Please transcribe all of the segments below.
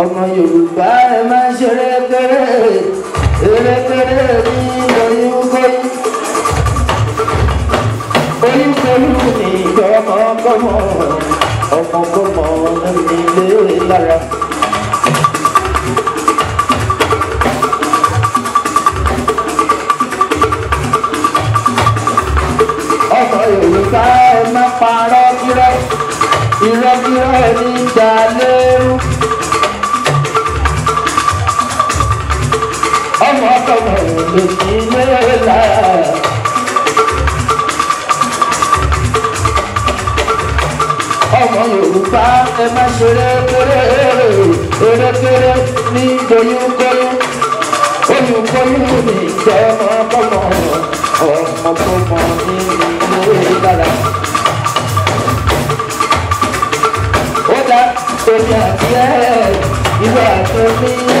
ọmọ Yorùbá ẹ máa ń ṣeré kéré eré kéré ní oyúkóyú oyúkóyú ní ìjọ ọmọ kọmọ ọmọ kọmọ ní ilé lára. ọmọ yorùbá ẹ má ṣeré kórè eré kéré ní doyúnkoyún oyúnkoyún ní ìjọmọkọmọ ọmọkọmọ ní ìlú dára. ó dá omi àti ẹ ìwé àtúntí.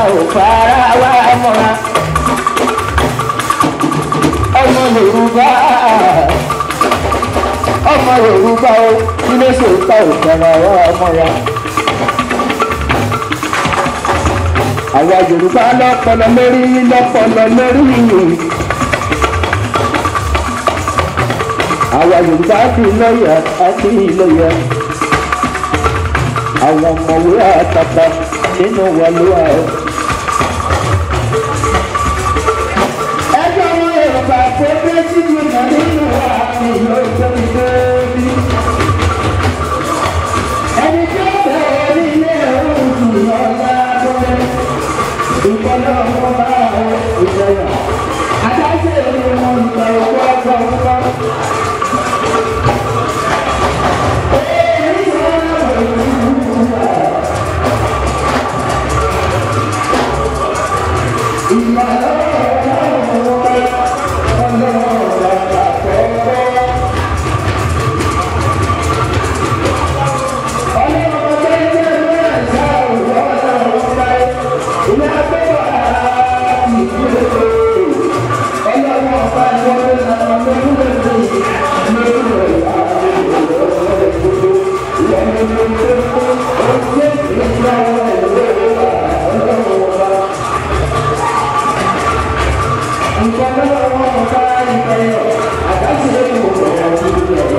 ò fara wá mọ́ra ọmọ Yorùbá ọmọ Yorùbá o ilé ṣèta ò fara wá mọ́ra. àwa Yorùbá lọ́pọlọ lórí lọ́pọlọ lórí yìí. àwa Yorùbá ti lọ́yà àti ìlọ́yà àwọn ọmọwé àtàtà nínú wà ó.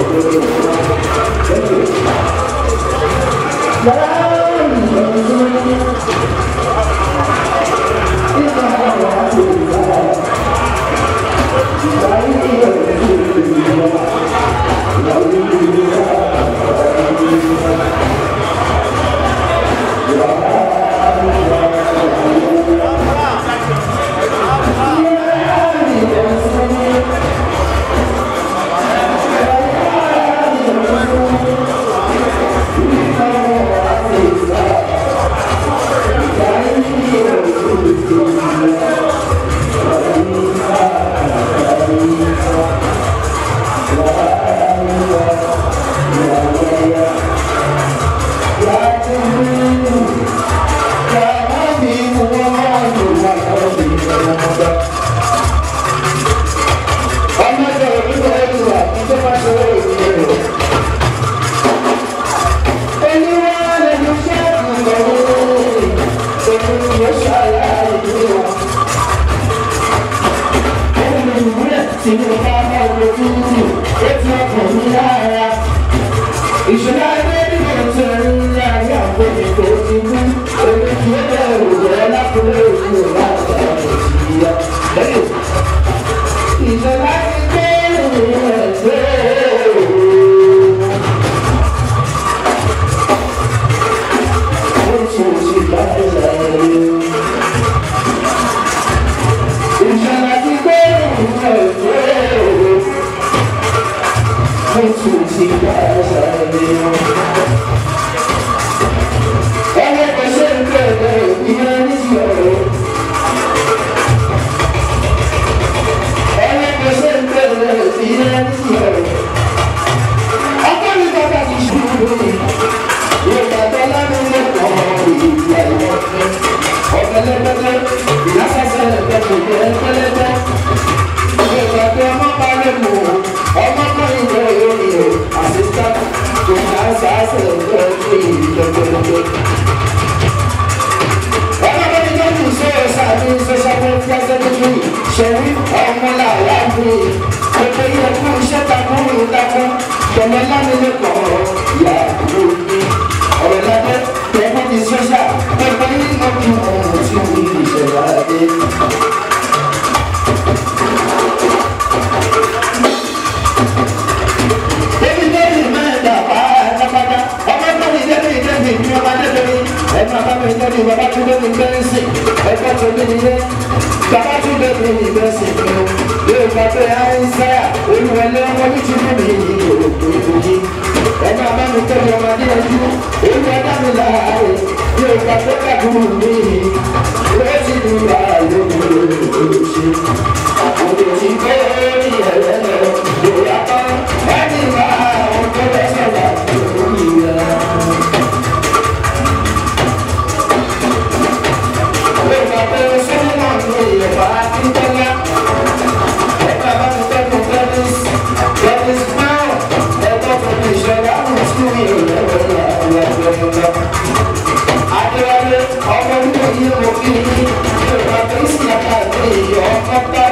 Thank you. ṣẹ̀rí ọmọ làwọn àbúrò kòtò yẹ fún iṣẹ́ takún ìlú takún tẹ̀lé lánilẹ́kọ̀ọ́ ìyá àbúrò mi ọ̀rọ̀ lábẹ́ tẹ̀lé ti sọ́ṣà pẹ̀lú nínú ọdún ọmọ tí mo ní ìṣẹ̀lẹ̀ adé. Ẹ̀ma bá mi jẹ́ bí bàbá tó lé mi gbẹ́rẹ́sì, ẹ̀ka tó lé mi lé bàbá tún bẹ fún mi bẹ sí fún un yóò gbà pé àwọn sáyà olùwẹ̀ lẹ́wọ́n ní ti fún mi yìí ní òkú ìbòjì ẹ máa bá mi tọ́jú ọmọdé ojú olùwẹ̀ dá mi láàárọ̀ yóò gbà pé kàkúrú mi yìí wọ́n ti dùn láàárọ̀ lórí olùṣe àpòjì bẹ́ẹ̀ ni ẹ̀rẹ́ lọ yóò yàtọ̀. aqui, eu vou transformar a carioca pra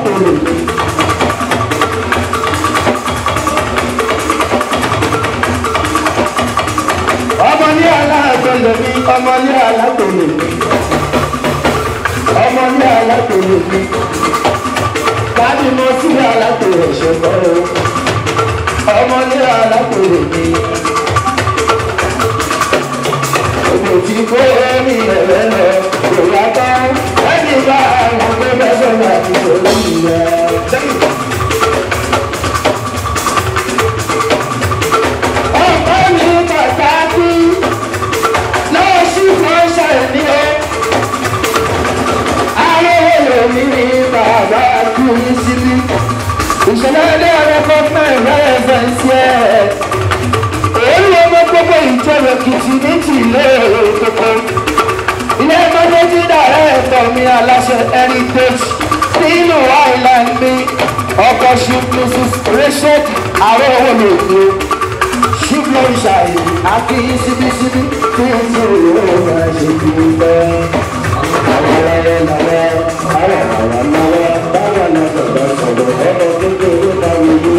ọmọlé ọmọlé alákòlè ọmọlé alákòlè káàdì mọ sílẹ̀ alákòlè ṣẹ̀kọ́ o ọmọlé alákòlè ni òkòtì kó ẹni mi lọ kò yá bá bá àwọn tó fẹ́ sọ̀rọ̀ àti sọ̀rọ̀ ìyá. ọkọ mi bàtà kú náà sì máa ṣàní o. aláwọ̀ mi ni bàbá kú ní sílí. ìṣẹ̀lẹ̀ ilé ọ̀rẹ́ gọ́fẹ́ ìrẹ́lẹ̀ fẹ́ sí ẹ̀. èyí ló mọ gbogbo ìjọba kìtì méjì lé èkó. E ilé ẹgbẹ́ méjì dá ẹ̀tọ́ mi aláṣẹ heritage nínú island mi ọkọ̀ ship mrs rachel ààrẹ owó mi òkú ship lórí ṣàyè àti ṣíbíṣíbí tí n ti rò ó máa ṣe kí n fẹ́. àwọn ọ̀rẹ́ lọ́wọ́ àwọn àwọn lọ́wọ́ báwọn náà sọ̀rọ̀ sọ̀rọ̀ ọ̀rọ̀ kékeré náà wọlé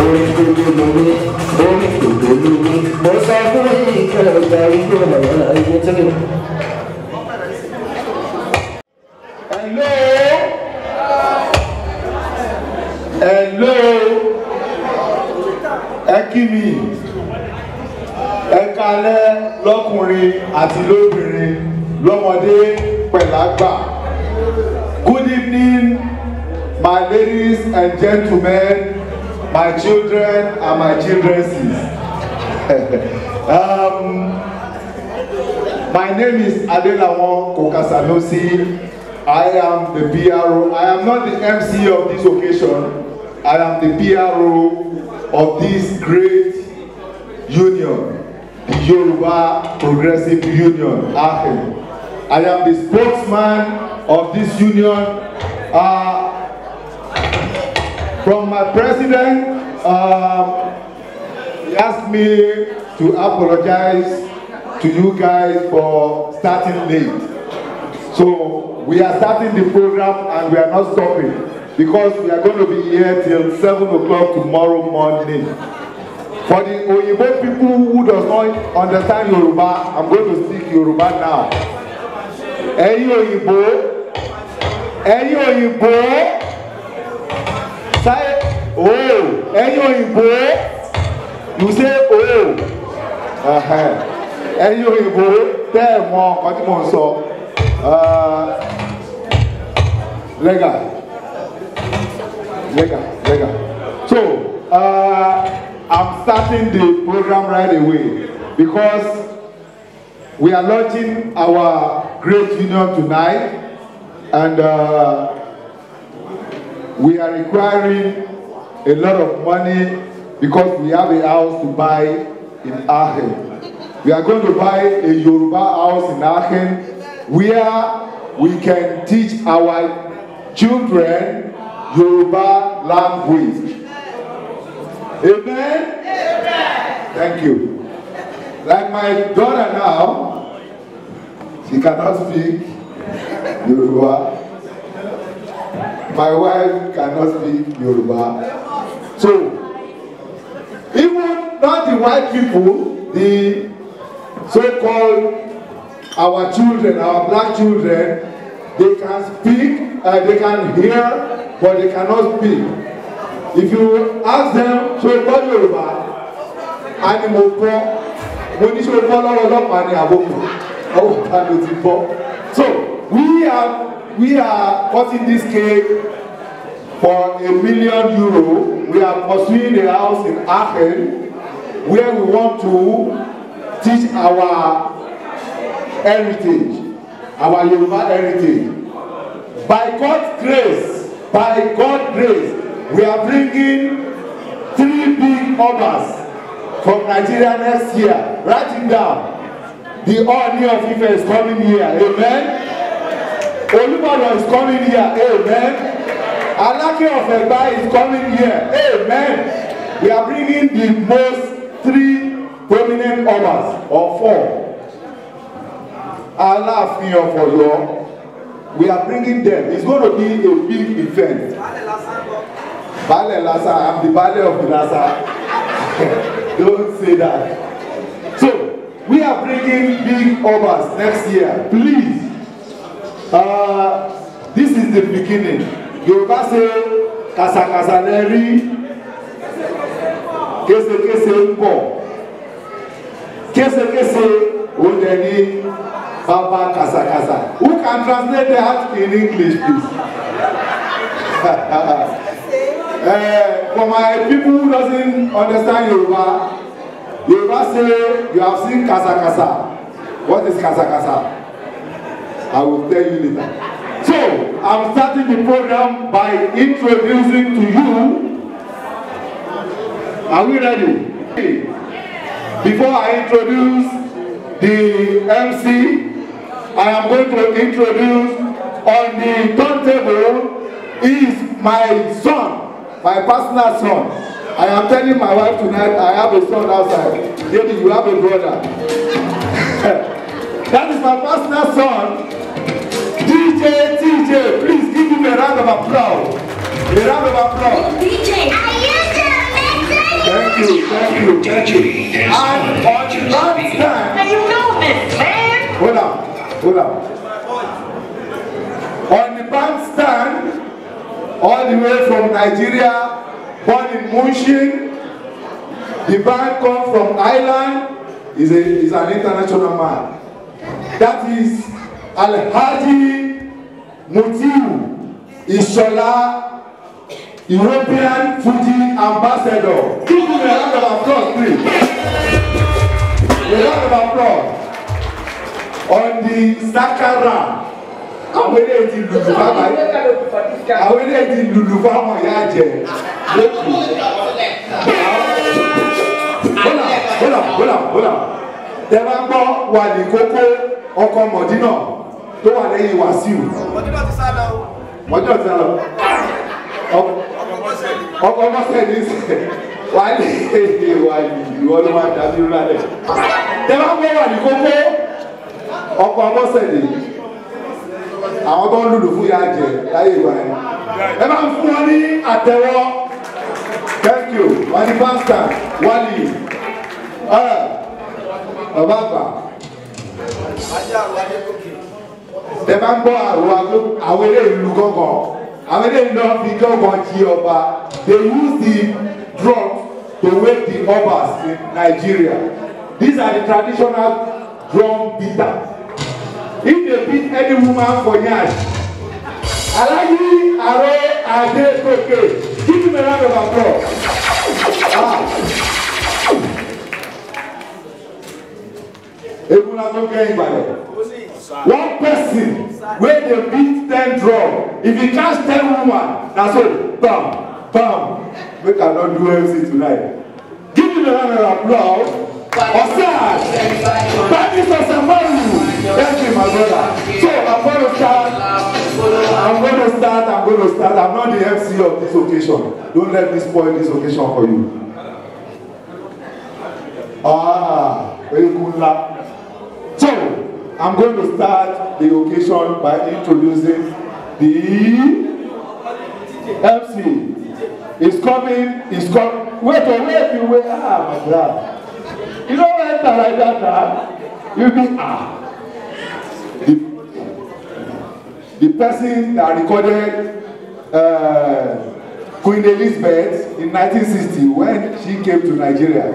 orin gbogbo lórí orin gbogbo lórí mo sọ fún yìí kí ọ̀gá ìgbọ̀nà ayé tó lè. ẹ kí mi ẹ àti lóbìnrin lọ́mọdé pẹ̀lágbà good evening my ladies and gentlemen my children and my childresses um, my name is Adelawon Kokasanosi. I am the PRO. I am not the MC of this occasion. I am the PRO of this great union, the Yoruba Progressive Union, AHIM. I am the spokesman of this union. Uh, from my president, um, he asked me to apologize to you guys for starting late. So we are starting the program and we are not stopping because we are going to be here till seven o'clock tomorrow morning. For the Oyibo people who does not understand Yoruba, I'm going to speak Yoruba now. Any Oyibo, Any Oyibo, say oh, Any Oyibo, you say oh. Any Oyibo tẹ́ more? What you want to ń sọ. Uh, Lẹ́gà. Vega, Vega. So, uh, I'm starting the program right away because we are launching our great union tonight and uh, we are requiring a lot of money because we have a house to buy in Aachen. We are going to buy a Yoruba house in Aachen where we can teach our children Yoruba language. Amen? Amen. Thank you. Like my daughter now, she cannot speak Yoruba. My wife cannot speak Yoruba. So, even not the white people, the so-called our children, our black children, They can speak, uh, they can hear, but they cannot speak. If you ask them, to o gbọ́ Yorùbá? A ní mo gbọ́. Mo ní ṣé o gbọ́ lọ́wọ́ ọlọ́pàá ní àbókù. Ọwọ́ ta ló So we are we are cutting this cake for a million euro. We are pursuing a house in Aachen where we want to teach our heritage our Yoruba heritage. By God's grace, by God's grace, we are bringing three big obas from Nigeria next year. Write it down. The Ooni of Ife is coming here. Amen. Olúbàdàn is coming here. Amen. Alake of Egba is coming here. Amen. We are bringing the most three prominent obas or four Aláàfin of Ọ̀yọ́. We are bringing them. It's going to be a big event. Baálẹ̀ Lasa, I'm the Baálẹ̀ of the Lasa. Don't say that. So, we are bringing big overs next year. Please. Uh, this is the beginning. Yorùbá say kàsàkàsà lẹ rí késekése ń bọ̀ ó dẹ ní bàbá kàsàkàsà who can translate that in English please uh, for my people who doesn't understand Yoruba Yoruba say you have seen kasakasa. what is kasakasa? I will tell you later so I'm starting the program by introducing to you are we ready before I introduce the MC. I am going to introduce on the turntable is my son, my personal son. I am telling my wife tonight I have a son outside. David, you have a brother. that is my personal son. DJ, TJ, please give him a round of applause. A round of applause. DJ, I am Thank you, thank you, thank you. And on last time, Hold on. Hold on. On the bank stand, all the way from Nigeria, born in Mushin. The bank come from Ireland. Is a is an international man. That is Alhaji Mutiu Ishola, European Fuji ambassador. Give him a round of applause, please. A round of applause ọ̀dì sakara àwọn eléyìí ti lùlù fáwọn àwọn eléyìí ti lùlù fáwọn ìyá jẹ lókù. bólà bólà bólà tẹ bá gbọ́ wà ní kókó ọkọ mọ̀dínà tó wà lẹ́yìn wàsíù. mọ̀dínà ti sá lọ. mọ̀dínà ti sá lọ. ọkọ mọ́sẹ̀ ní sẹ̀ wà ní èdè wà ní ìwọ́n ló máa dàbí rúlálẹ̀. tẹ bá gbọ́ wà ní kókó ọkọ ọmọsẹ̀lẹ̀ àwọn tó ń lùlù fún ya jẹ láyé ìgbà yẹn ẹ máa ń fún wọn ní àtẹ́wọ́ thank you wọn ní pásítà wálì ọba àgbà tẹ bá ń gbọ́ àwọn eré ìlú gángan àwọn eré ìlú fi gángan jí ọba they use the drum to wake the obas in Nigeria these are the traditional drum beaters if they beat any woman for yard alaji aro ade koke give him a round of applause ah ebuna tó kẹ́yìn balẹ̀ one person wey dey beat ten drum if he catch ten woman na so bam bam make i no do mc tonight give him a round of applause. Osai, that is Osamaru. Thank you, my brother. So I'm going to start. I'm going to start. I'm going to start. I'm not the MC of this occasion. Don't let me spoil this occasion for you. Ah, very cool. So I'm going to start the occasion by introducing the MC. He's coming. He's coming. Wait, wait, wait, Ah, my brother. You don't enter like that now. You be ah. The, the person that recorded uh, Queen Elizabeth in 1960 when she came to Nigeria.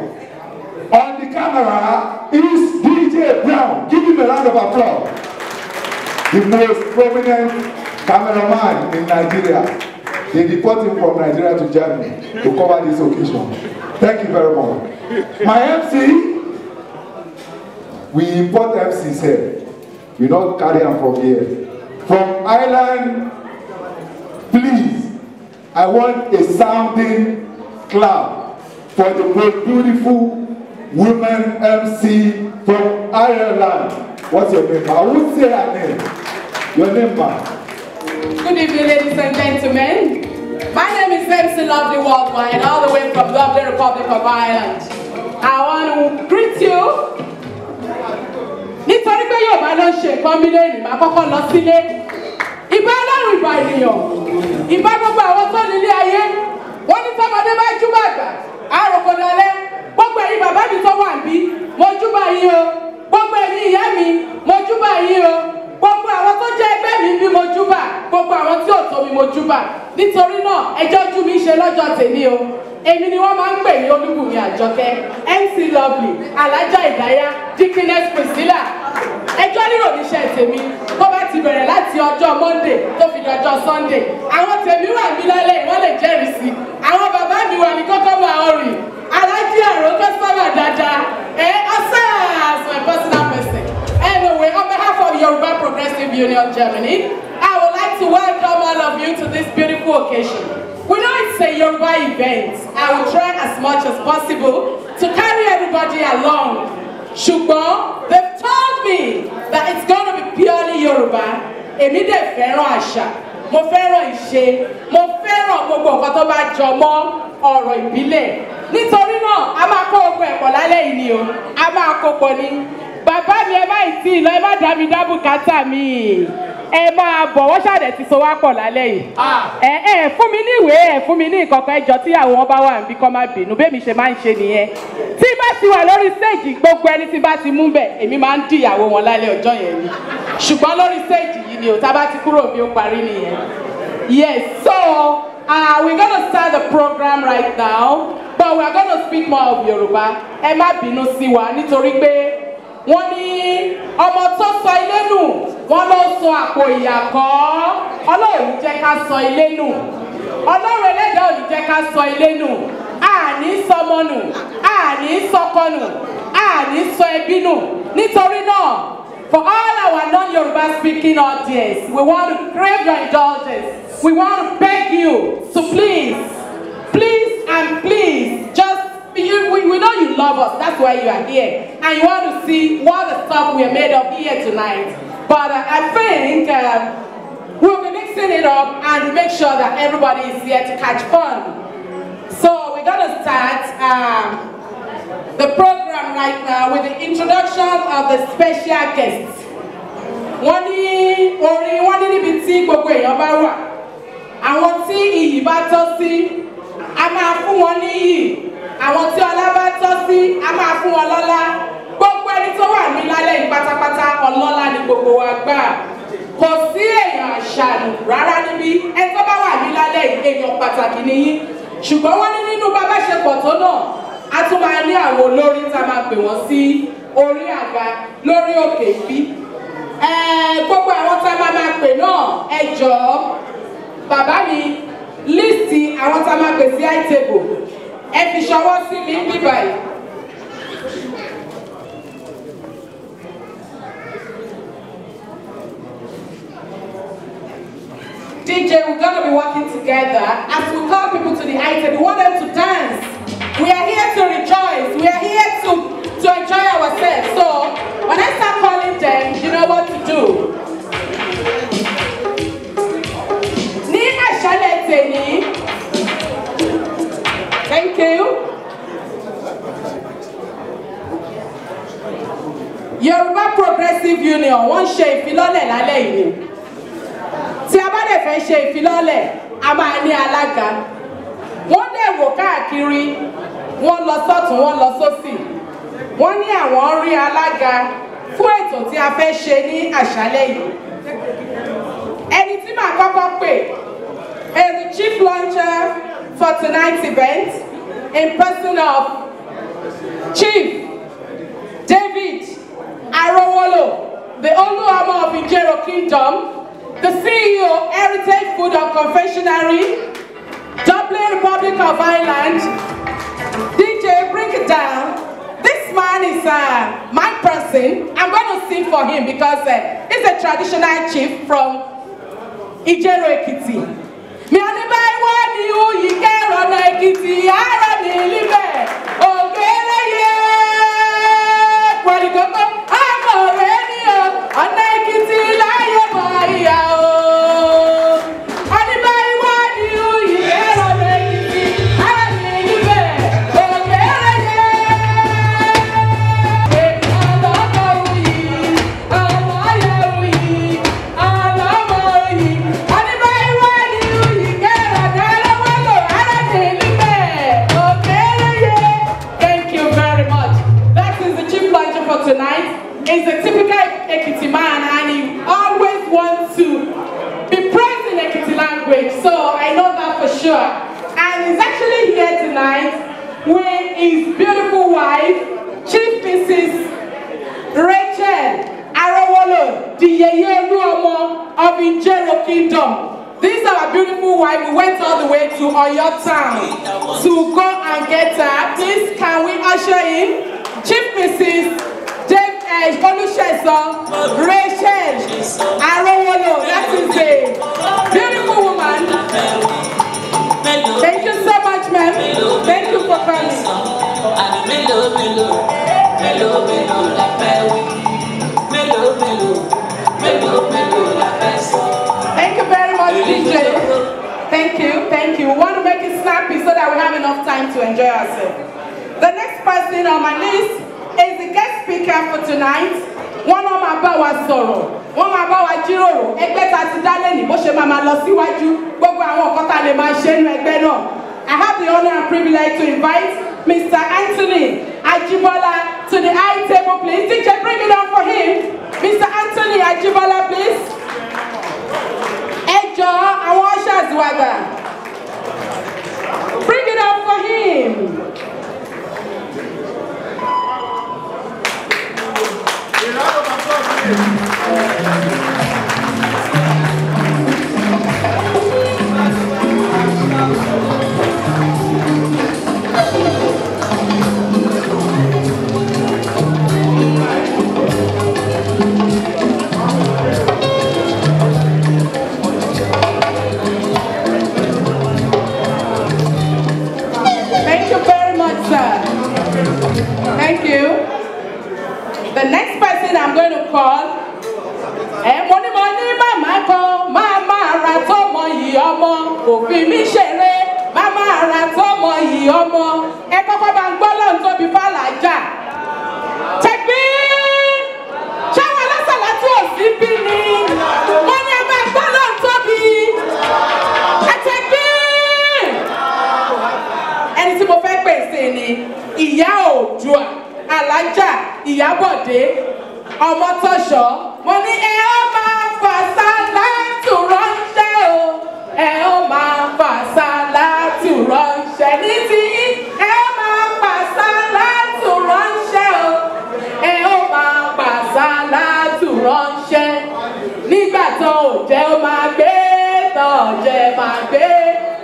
On the camera is DJ Brown. Give him a round of applause. The most prominent cameraman in Nigeria. They deported him from Nigeria to Germany to cover this occasion. Thank you very much. My MC, we import MCs here. We not carry them from here. From Ireland, please, I want a sounding clap for the most beautiful woman MC from Ireland. What's your name? I won't say her name. Your name, ma'am. Good evening, ladies and gentlemen. My name is MC Lovely Worldwide, all the way from Lovely Republic of Ireland. I want to greet you. Nítorí pé yóò máa lọ ṣe nǹkan mi lónìí, màá kọ́kọ́ lọ sílé. Ìbá ọlọ́run ìbá ènìyàn, ìbá gbogbo àwọn tó nílé ayé, wọ́n ní tọ́mọdé bá júbà àgbà, àròkò lálẹ́. Gbogbo ẹ̀yin bàbá mi tó wà níbí, mo júbà yín o. Gbogbo ẹ̀yin ìyá mi, mo júbà yín o gbogbo àwọn tó jẹ́ ẹgbẹ́ mi bí mo júbà gbogbo àwọn tí ò tó mi mo júbà nítorí náà ẹjọ́ jú mi ṣe lọ́jọ́ tèmi o èmi ni wọ́n máa ń pè ní Olúbùnmi Àjọkẹ́ MC Lovely Alájà Ìdáyà Dickiness Priscilla ẹjọ́ rírò níṣẹ́ tèmi tó bá ti bẹ̀rẹ̀ láti ọjọ́ Monday tó fi di ọjọ́ Sunday àwọn tèmi wà mí lálẹ́ ìwọ́n lè jẹ́rìí sí àwọn bàbá mi wà ní kókó máa ń rìn alájí ẹ̀rọ customer dáadáa ẹ ọ̀sẹ̀ as my personal person anyway on behalf of Yoruba Progressive Union Germany I would like to welcome all of you to this beautiful occasion we know it's a Yoruba event I will try as much as possible to carry everybody along ṣùgbọ́n they've told me that it's going to be purely Yoruba èmi ferro fẹ́ràn àṣà mo fẹ́ràn ìṣe mo fẹ́ràn gbogbo nǹkan tó bá jọ mọ́ ọ̀rọ̀ ìbílẹ̀ nítorí náà a máa kó ogun ẹ̀pọ̀ lálẹ́ yìí ni o a máa kó pọ̀ bàbá mi ẹ má ìtì ìlọ ẹ má dá mi dá bùkátà mi ẹ máa bọ̀ wọ́n ṣàdẹ̀ ti so wá pọ̀ lálẹ́ yìí ah. ẹ ẹ fún mi ní ìwé ẹ fún mi ní ìkọ̀kọ̀ ẹjọ́ tí àwọn bá wà níbí kọ́ máa bínú bẹ́ẹ̀ mi ṣe máa ń ṣe nìyẹn tí bá ti wà lórí stéèjì gbogbo ẹni tí bá ti mú bẹ̀ èmi máa ń dìyàwó wọn lálẹ́ ọjọ́ yẹn ni ṣùgbọ́n lórí stéèjì yìí ni ò bá ti kúrò bí ó parí nìyẹn yes so uh, we're gonna start the program right now but we're gonna speak more of Yoruba ẹ má bínú sí wa nítorí pé wọ́n ní ọmọ tó sọ ilé nù wọ́n ló sọ àpò ìyà kọ́ ọlọ́run jẹ́ ká sọ ilé nù ọlọ́run ẹlẹ́dàá ò jẹ́ ká sọ ilé nù àní sọmọ nù àní sọkọ nù àní sọ ẹbí nù nítorí náà for all our non-Yoruba speaking audience we want to crave your indulgence we want to beg you to please please and please just You, we, we know you love us. That's why you are here. And you want to see what the stuff we are made of here tonight. But uh, I think um, we'll be mixing it up and make sure that everybody is here to catch fun. So we're going to start um, the program right now with the introduction of the special guests. Wọ́n ní orin wọ́n ní níbi tí gbogbo èèyàn bá wà. Àwọn tí iyì bá tọ́ sí, a máa fún wọn ní iyì àwọn tí ọlá bá tọ́ sí a máa fún wọn lọ́lá gbogbo ẹni tó wà ní lálẹ́ yìí pátápátá ọlọ́lá ni gbogbo wa gbà kò sí èèyàn àṣàlù rárá níbí ẹni tó bá wà ní lálẹ́ yìí èèyàn pàtàkì nìyí ṣùgbọ́n wọ́n ní nínú bàbá ṣe pọ̀ tó náà a tún máa ní àwọn olórí tá a máa pè wọ́n sí orí àga lórí òkè ìbí gbogbo àwọn tá a máa máa pè náà ẹ jọ̀ọ́ bàbá mi líìsì àwọn tá a máa pè sí àìtẹ́bù ẹ fi ṣọwọ́ sí mi ń bíbà yìí. DJ, we're gonna be working together. As we call people to the item, we want them to dance. We are here to rejoice. We are here to, to enjoy ourselves. So when I start calling them, you know what to do. Ní àṣálẹ̀ tèmi, Thank you. Yorùbá Progressive Union wọ́n ń ṣe ìfilọ́lẹ̀ lálẹ́ yìí tí a bá dẹ̀ fẹ́ ṣe ìfilọ́lẹ̀ a máa ní alága wọ́n dẹ̀ wò káàkiri wọ́n lọ sọ́tún wọ́n lọ sósì wọ́n ní àwọn ń rí alága fún ètò tí a fẹ́ ṣe ní àṣálẹ́ yìí ẹni tí màá kọ́kọ́ pè èrè chief launcher for tonight's event in person of Chief David Arowolo, the Oluama of Ijero Kingdom, the CEO Heritage Food and Confectionery, Dublin Republic of Ireland, DJ Bring It Down. This man is uh, my person. I'm going to sing for him because uh, he's a traditional chief from Ijero Ekiti ìlú yìí kẹ́rọ̀nà èkìtì àárọ̀ ní kingdom. These our beautiful wife. We went all the way to Oyo town to go and get her. Please, can we usher in Chief Mrs. James H. Eh, Oluseso Rachel Arowolo. That is the beautiful woman. Thank you so much, ma'am. Thank you for coming. DJ, thank you, thank you. We want to make it snappy so that we have enough time to enjoy ourselves. The next person on my list is the guest speaker for tonight. One máa máa bá wa sọ̀rọ̀, wọ́n máa bá wa jíròrò, ẹgbẹ́ ta ti dá lẹ́nìí bó ṣe máa máa lọ síwájú gbogbo àwọn nǹkan ta lè I have the honor and privilege to invite Mr. Anthony Ajibola to the high table please. DJ bring it up for him. Mr. Anthony Ajibola please. jọ àwọn aṣàzìwàgbà bring it up for him. Thank you. The next person I'm going to call. Ẹ eh, mo ní mo ní màmá kan máa máa ra tọ́mọ yìí ọmọ kò fi mí ṣeré máa máa ra tọ́mọ yìí ọmọ ẹ kọ́kọ́ bá ń gbọ́ lọ́n tóbi fàlàjà. Tẹ̀gbín ṣáwọn alásàlá tí ò alájà ìyábọ̀dé ọmọtọ́ṣọ́ mo ní ẹ ó máa fà sálátù ránṣẹ́ o ẹ ó máa fà sálátù ránṣẹ́ ní ti yín ẹ ó máa fà sálátù ránṣẹ́ o ẹ ó máa fà sálátù ránṣẹ́ nígbà tó ò jẹ́ ó máa gbé tọ̀ jẹ́ máa gbé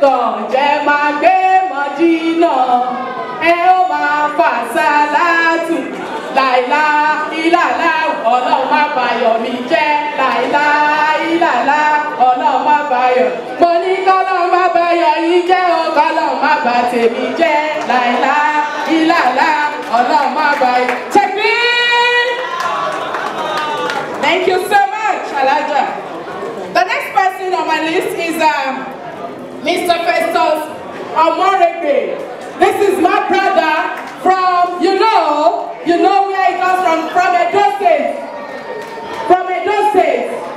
tọ̀ jẹ́ máa gbé mọ́jì náà ẹ ó máa fà sálátù láìlá ìlàlá ọlọ́run má bayọ̀ mi jẹ́ láìlá ìlàlá ọlọ́run má bayọ̀ mo ní kọ́lọ́run má bayọ̀ yín jẹ́ o kọ́lọ́run má bà tèmi jẹ́ láìlá ìlàlá ọlọ́run má bayọ̀. Thank you so much, Alaja. The next person on my list is um, Mr. Festus Omorebe. This is my brother from, you know, you know where he comes from, from Edo State. From Edo State.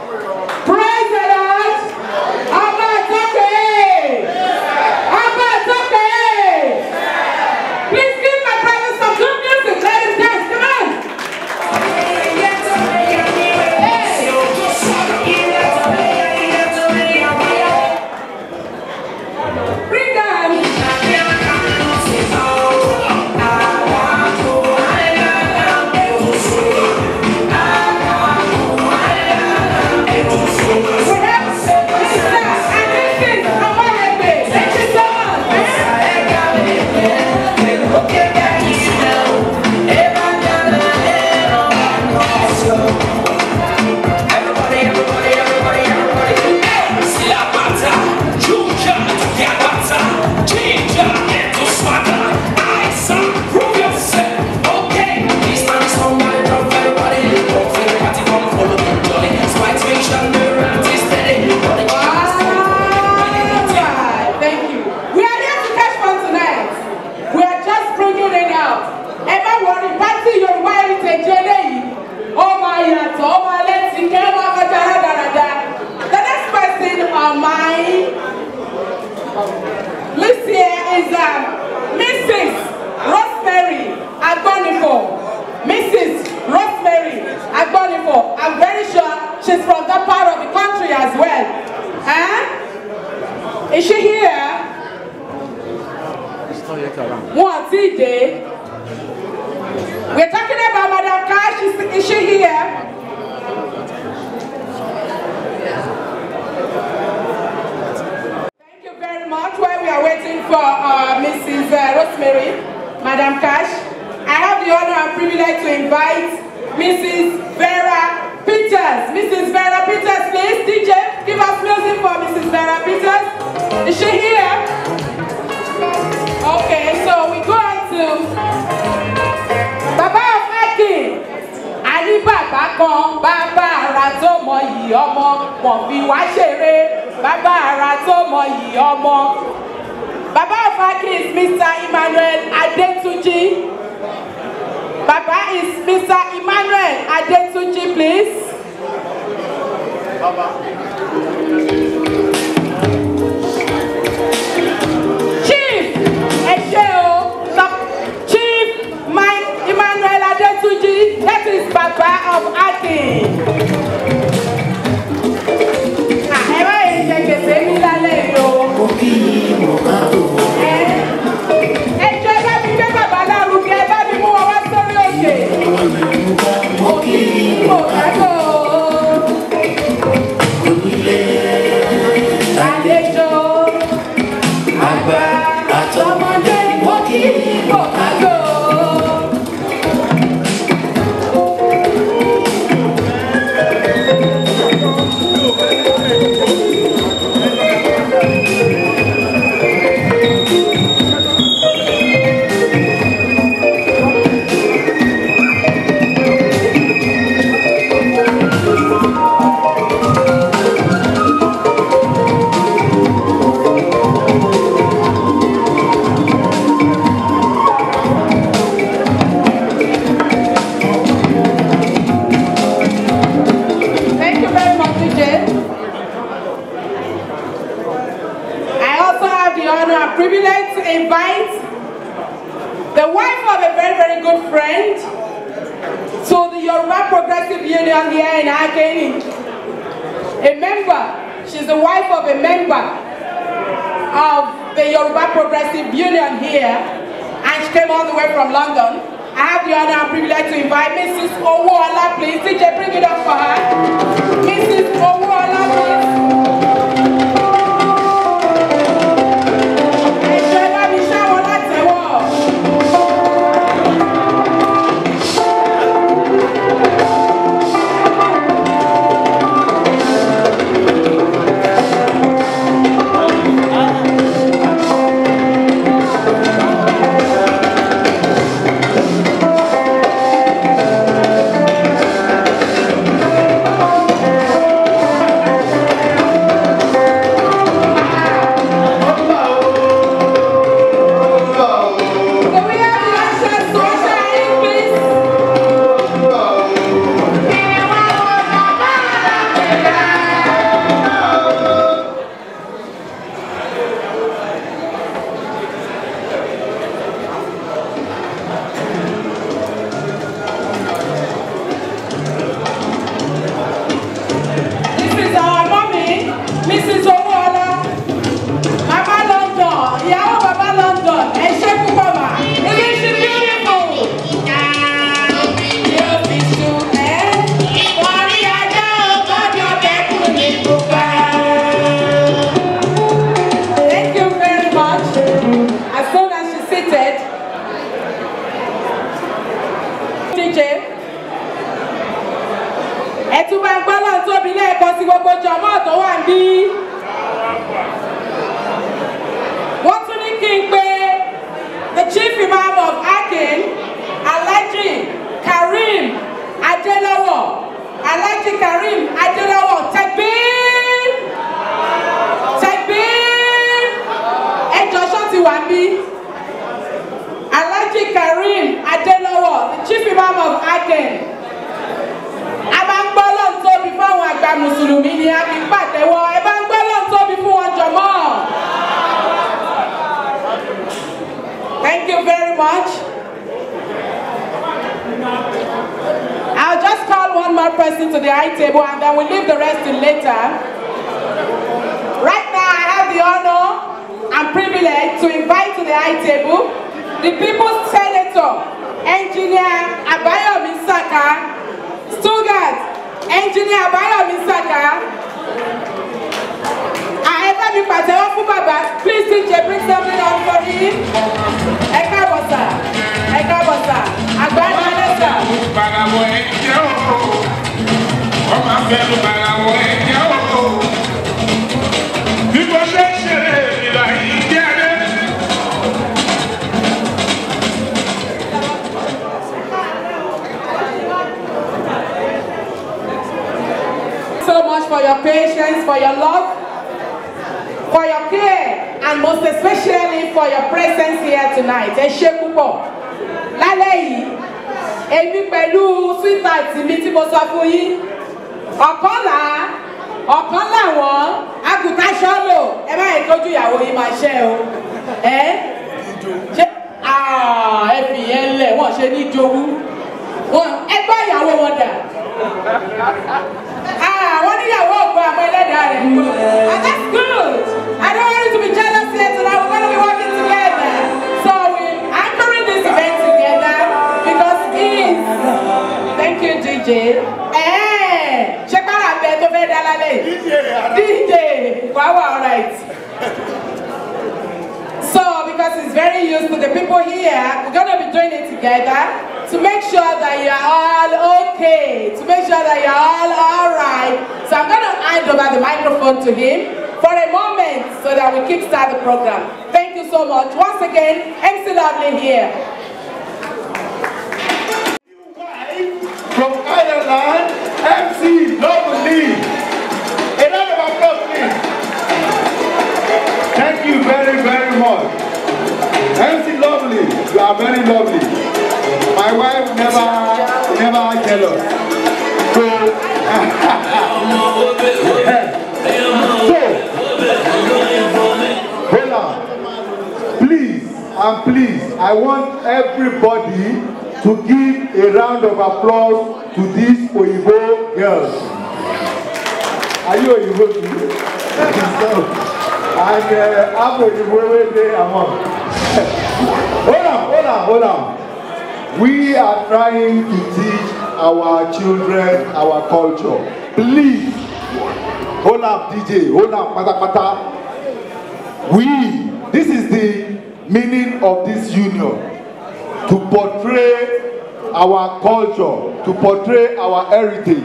to portray our heritage.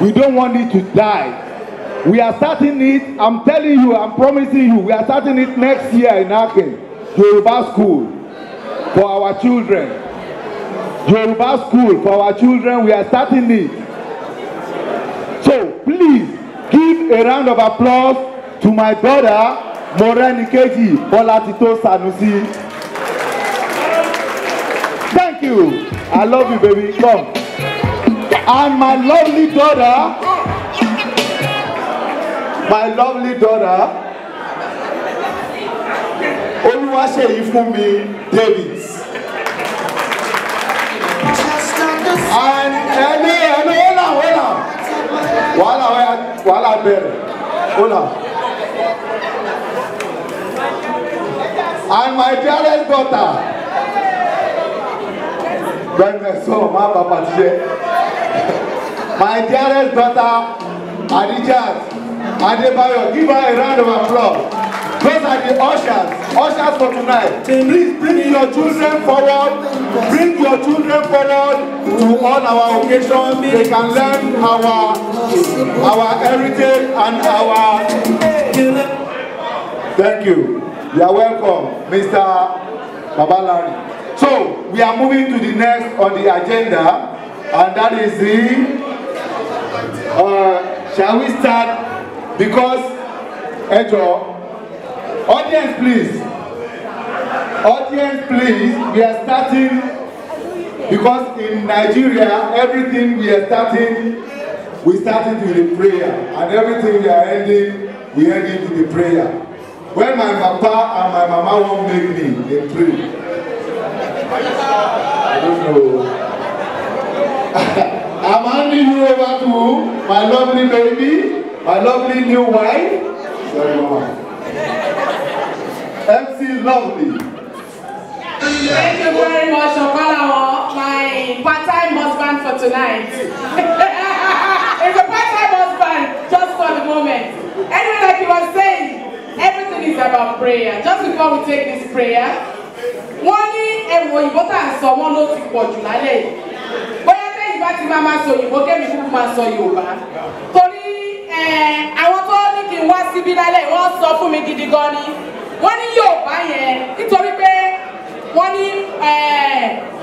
We don't want it to die. We are starting it, I'm telling you, I'm promising you, we are starting it next year in Aken, Yoruba school for our children. Yoruba school for our children, we are starting it. So please give a round of applause to my brother Morenikeji Bolatito Sanusi. Thank you. I love you, baby. Come and my lovely daughter, my lovely daughter, Olúwaṣeyí fún mi David. And ẹni ẹni ọ̀là ọ̀là wàhálà wàhálà bẹ̀rẹ̀ ọ̀là. And my dearest daughter, gbẹ̀gbẹ̀ sọ̀rọ̀ má bàbá ti jẹ́ my dearest daughter, Adijas, Adebayo, give her a round of applause. Those are the ushers, ushers for tonight. Please bring your children forward, bring your children forward to all our occasions. They can learn our, our heritage and our... Thank you. You are welcome, Mr. Babalari. So, we are moving to the next on the agenda, and that is the Uh, shall we start? Because, Ejo, audience please. Audience please, we are starting because in Nigeria, everything we are starting, we started with a prayer. And everything we are ending, we end it with a prayer. When my papa and my mama won't make me, they pray. I don't know. I'm handing you over to my lovely baby, my lovely new wife. Sorry, mama. MC Lovely. Thank you very much, Okalawo, my part-time husband for tonight. It's a part-time husband just for the moment. Anyway, like you were saying, everything is about prayer. Just before we take this prayer, wọ́n ní ẹ̀wọ̀n òyìnbó tà ń someone wọ́n ló ti pọ̀ jù lálẹ́ yìí tẹ́yìn bá ti máa máa sọ òyìnbó kémi kúkú máa sọ yorùbá torí àwọn tó ní kí n wá síbí lálẹ́ wọ́n sọ fún mi gidi gan ni wọ́n ní yorùbá yẹn nítorí pé wọ́n ní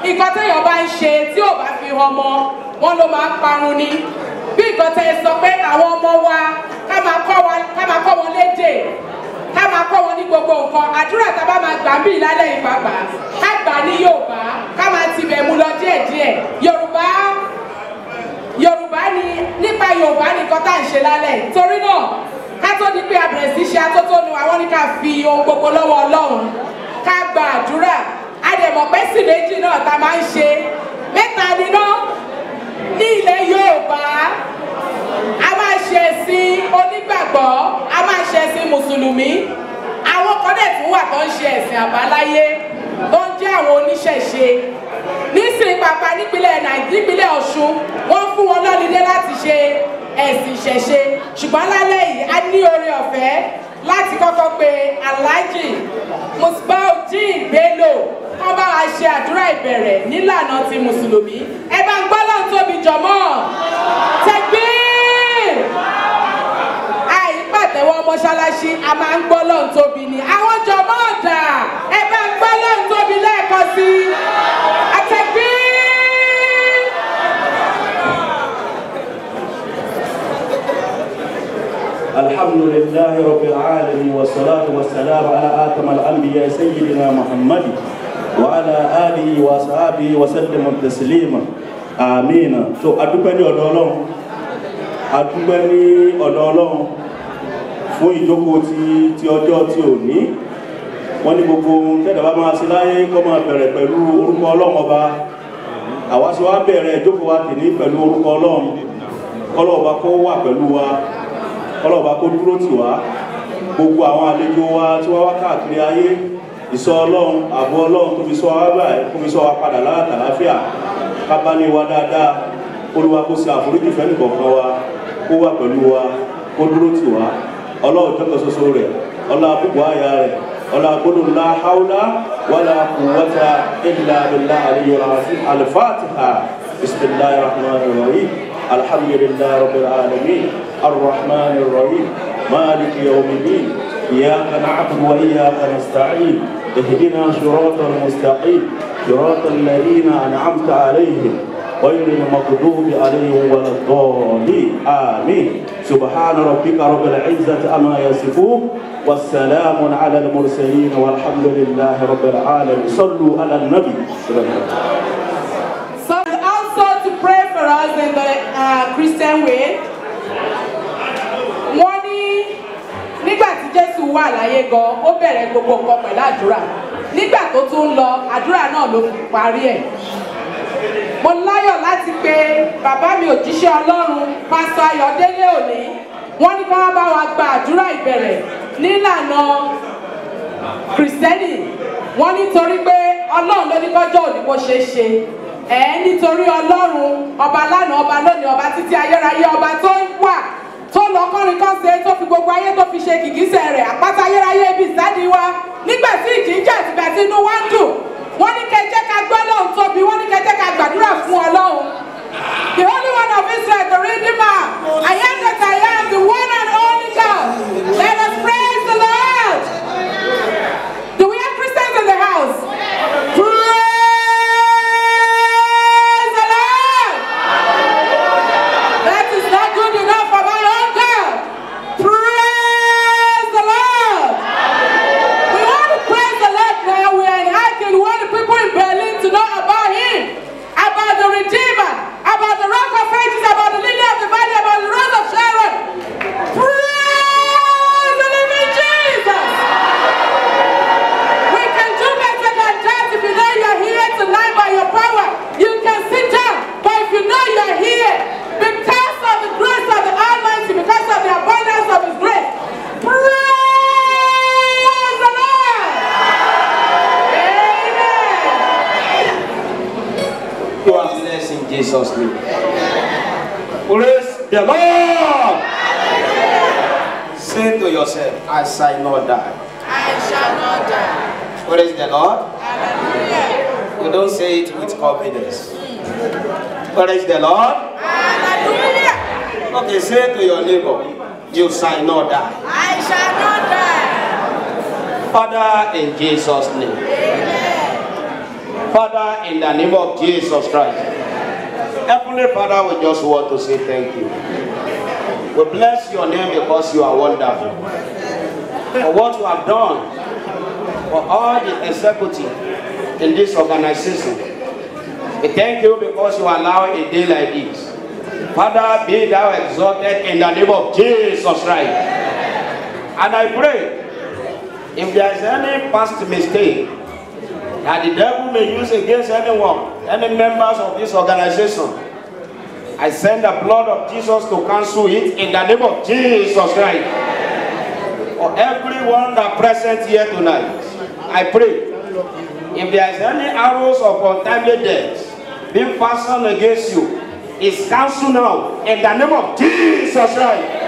nǹkan téèyàn bá ń ṣe tí ò bá fi hàn mọ́ wọ́n ló máa ń parun ni bí nǹkan tẹ́ ẹ sọ pé àwọn ọmọ wa ká máa kọ́ wọn lédè ká máa kọ́ wọn ní gbogbo nǹkan àdúrà tá a bá máa gbà bíi lálẹ́ ìpapà ká gbà ní yorùbá ká máa tibẹ̀ mu lọ díẹ̀díẹ̀ yorùbá yorùbá ni nípa yorùbá nìkan tá à ń ṣe lálẹ́ torí náà ká tó di pé abẹ̀rẹ̀ sí ṣe atótónu àwọn ní ká fi ohun gbogbo lọ́wọ́ ọlọ́run ká gba àdúrà adẹ̀mọ̀pẹ́ sì méjì náà tá a máa ń ṣe mẹ́ta níná ní ilẹ̀ yorùbá a máa ṣe ẹ̀sìn onígbàgbọ́ a máa ṣe ẹ̀sìn mùsùlùmí àwọn kan dẹ̀ tún wà tó ń ṣe ẹ̀sìn àbáláyé tó ń jẹ́ àwọn oníṣẹ̀ṣe nísìnyí pàpà nípínlẹ̀ nàìjíríà nípínlẹ̀ ọ̀ṣun wọ́n fún wọn lọ́lídé láti ṣe ẹ̀sìn ìṣẹ̀ṣe ṣùgbọ́n lálẹ́ yìí a ní oore ọ̀fẹ́ láti kọ́kọ́ pe alhaji musbaudin bello kọ́ bá wa ṣe àdúrà ìbẹ̀rẹ̀ nílànà ti mùsùlùmí ẹ bá ń gbọ́dọ̀ tóbi jọ̀mọ́ tẹ̀gbí àìpàtẹ́wọ́ mọ́ṣáláṣí a máa ń gbọ́dọ̀ tóbi ni àwọn jọ̀mọ́ ọ̀dà ẹ bá mi lẹ́ẹ̀kan sí i àtẹ̀gbí. الحمد لله رب العالمين والصلاة والسلام على آتم الأنبياء سيدنا محمد وعلى آله وصحبه وسلم تسليما àmìnà so adúpẹ́ ní ọ̀dọ̀ ọlọ́run adúpẹ́ ní ọ̀dọ̀ ọlọ́run fún ìjókòó ti ti ọjọ́ ti òní wọ́n ní gbogbo ohun tẹ́lẹ̀ bá máa ṣe láyé kọ́ máa bẹ̀rẹ̀ pẹ̀lú orúkọ ọlọ́run ọba àwa sì wá bẹ̀rẹ̀ ìjókòó wa tì ní pẹ̀lú orúkọ ọlọ́run kọ́lọ́ ọba kó wà pẹ̀lú wa kọ́lọ́ ọba kó dúró tì wá gbogbo àwọn àlejò wa tí wọ́n wá káàkiri ayé ìsọ ọlọ́run àbọ̀ ọlọ́run tó fi sọ wá báyìí tó fi sọ wá padà láàtà láfíà wa dáadáa olúwa kó ṣe àforíjì fẹ́ni kọ̀ọ̀kan wa kó wà pẹ̀lú wa kó ولا قل لا حول ولا قوة إلا بالله العلي العظيم الفاتحة بسم الله الرحمن الرحيم الحمد لله رب العالمين الرحمن الرحيم مالك يوم الدين إياك نعبد وإياك نستعين اهدنا صراط المستقيم صراط الذين أنعمت عليهم غير المغضوب عليهم ولا الضالين آمين سبحان ربك رب العزة أما يصفون والسلام على المرسلين والحمد لله رب العالمين صلوا على النبي to pray for us in the uh, Christian way. Wọ́n ní nígbà tí Jésù wà láyé gan, ó bẹ̀rẹ̀ gbogbo nǹkan pẹ̀lú àdúrà. Nígbà tó tún lọ, àdúrà náà ló parí ẹ̀ mo láyọ̀ láti pe bàbá mi òjíṣẹ́ ọlọ́run pásítọ̀ ayọ̀délé òní wọ́n ní ká wá bá wa gba àdúrà ìbẹ̀rẹ̀ nílànà kìrìsìtẹ́nì wọ́n nítorí pé ọlọ́run ló ní kọjọ́ òní kó ṣeé ṣe ẹ̀ nítorí ọlọ́run ọba lánàá ọba lónìí ọba títí ayérayé ọba tó ń wà tó lọ kọrin kan ṣe tó fi gbogbo ayé tó fi ṣe kìkísẹ̀ rẹ̀ àpáta ayérayé ibi ìsádi wa nígbà tí ìjì ń tí inú wa ń dùn The only one of Israel, the Redeemer, I am that I am, the one and only God. Let us praise the Lord. Do we have Christians in the house? Jesus' name. Praise the Lord! Say to yourself, I shall not die. I shall not die. Praise the Lord. Hallelujah. You don't say it with confidence. Praise the Lord. Hallelujah. Okay, say to your neighbor, you shall not die. I shall not die. Father, in Jesus' name. Amen. Father, in the name of Jesus Christ. Heavenly Father, we just want to say thank you. We bless your name because you are wonderful. For what you have done for all the executive in this organization. We thank you because you allow a day like this. Father, be thou exalted in the name of Jesus Christ. And I pray, if there is any past mistake that the devil may use against anyone, any members of this organization, I send the blood of Jesus to cancel it in the name of Jesus Christ. For everyone that present here tonight, I pray, if there is any arrows of untimely death being fastened against you, it's cancelled now in the name of Jesus Christ.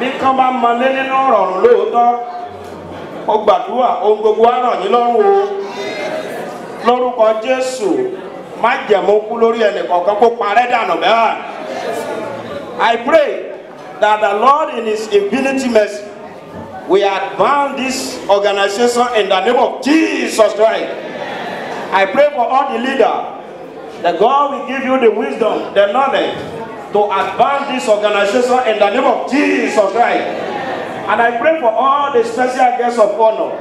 Bí kan bá mọ lé nínú ọ̀rọ̀ lóòótọ́, ó gbàdúrà ohun gbogbo á ràn yín lọ́rùn o. lórúkọ jésù má jẹ̀mú kú lórí ẹnìkọ̀ọ̀kan kó parẹ́ dànù bẹ́ẹ̀. I pray that the Lord in his infinity mercy will advance this organization in the name of Jesus Christ. I pray for all the leaders that God will give you the wisdom, the knowledge to advance this organization in the name of Jesus Christ. And I pray for all the special guests of honor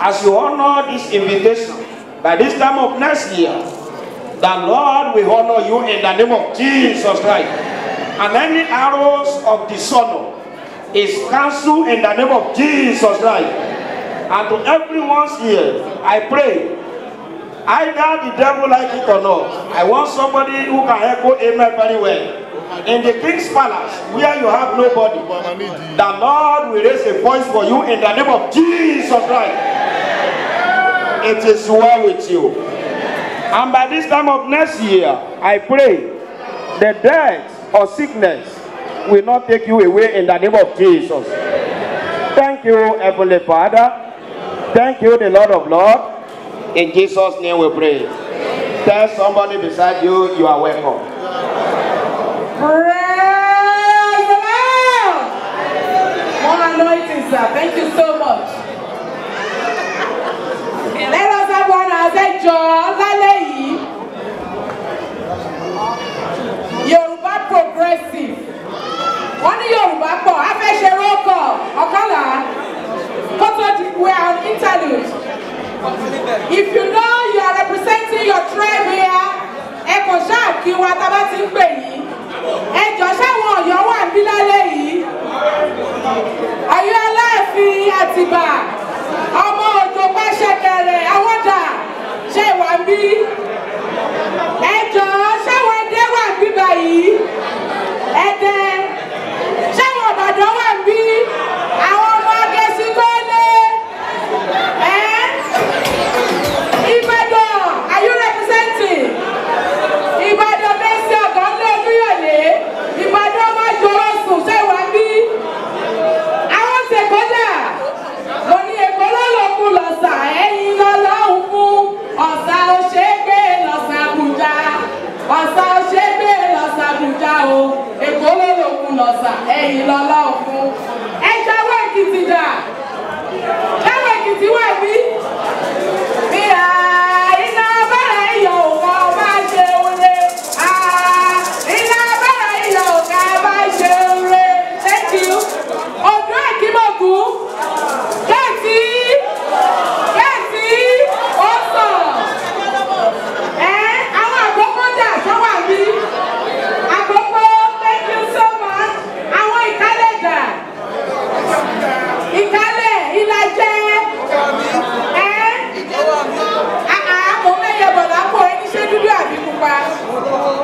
as you honor this invitation by this time of next year, the Lord will honor you in the name of Jesus Christ. And any arrows of dishonor is cancelled in the name of Jesus Christ. And to everyone's ears, I pray, either the devil like it or not, I want somebody who can echo amen very well. In the king's palace, where you have nobody, the Lord will raise a voice for you in the name of Jesus Christ it is well with you. And by this time of next year, I pray the death or sickness will not take you away in the name of Jesus. Thank you, Heavenly Father. Thank you, the Lord of Lord. In Jesus' name we pray. Tell somebody beside you, you are welcome. Praise the Lord! More anointing, sir. Thank you so much. a fẹ́ jọ lálẹ́ yìí Yorùbá progressive wọ́n ní Yorùbá pọ̀ a fẹ́ ṣe rọ́kọ̀ ọ̀kọ́là kó tó di we are interlude if you know you are representing your tribe here ẹ kò ṣáà kí wa tá a bá ti ń pè yín ẹ jọ ṣáwọn Ọ̀yọ́ wà ń bí lálẹ́ yìí Ọ̀yọ́ Aláàfin Àtìbà ọmọ òjò pàṣẹ kẹrẹ awọ́dà ṣe wà ń bí ẹ jọ̀ọ́ ṣáwọn ẹdẹ wà ń bí báyìí ẹdẹ ṣáwọn ọ̀bàdàn wà ń bí. lọ́lá o èkó lọ́lọ́ òkun lọ́sà ẹ̀yìn lọ́lá òkun ẹ̀jáwó èkìtì dà jáwó èkìtì wà bí. 어. 어, 어.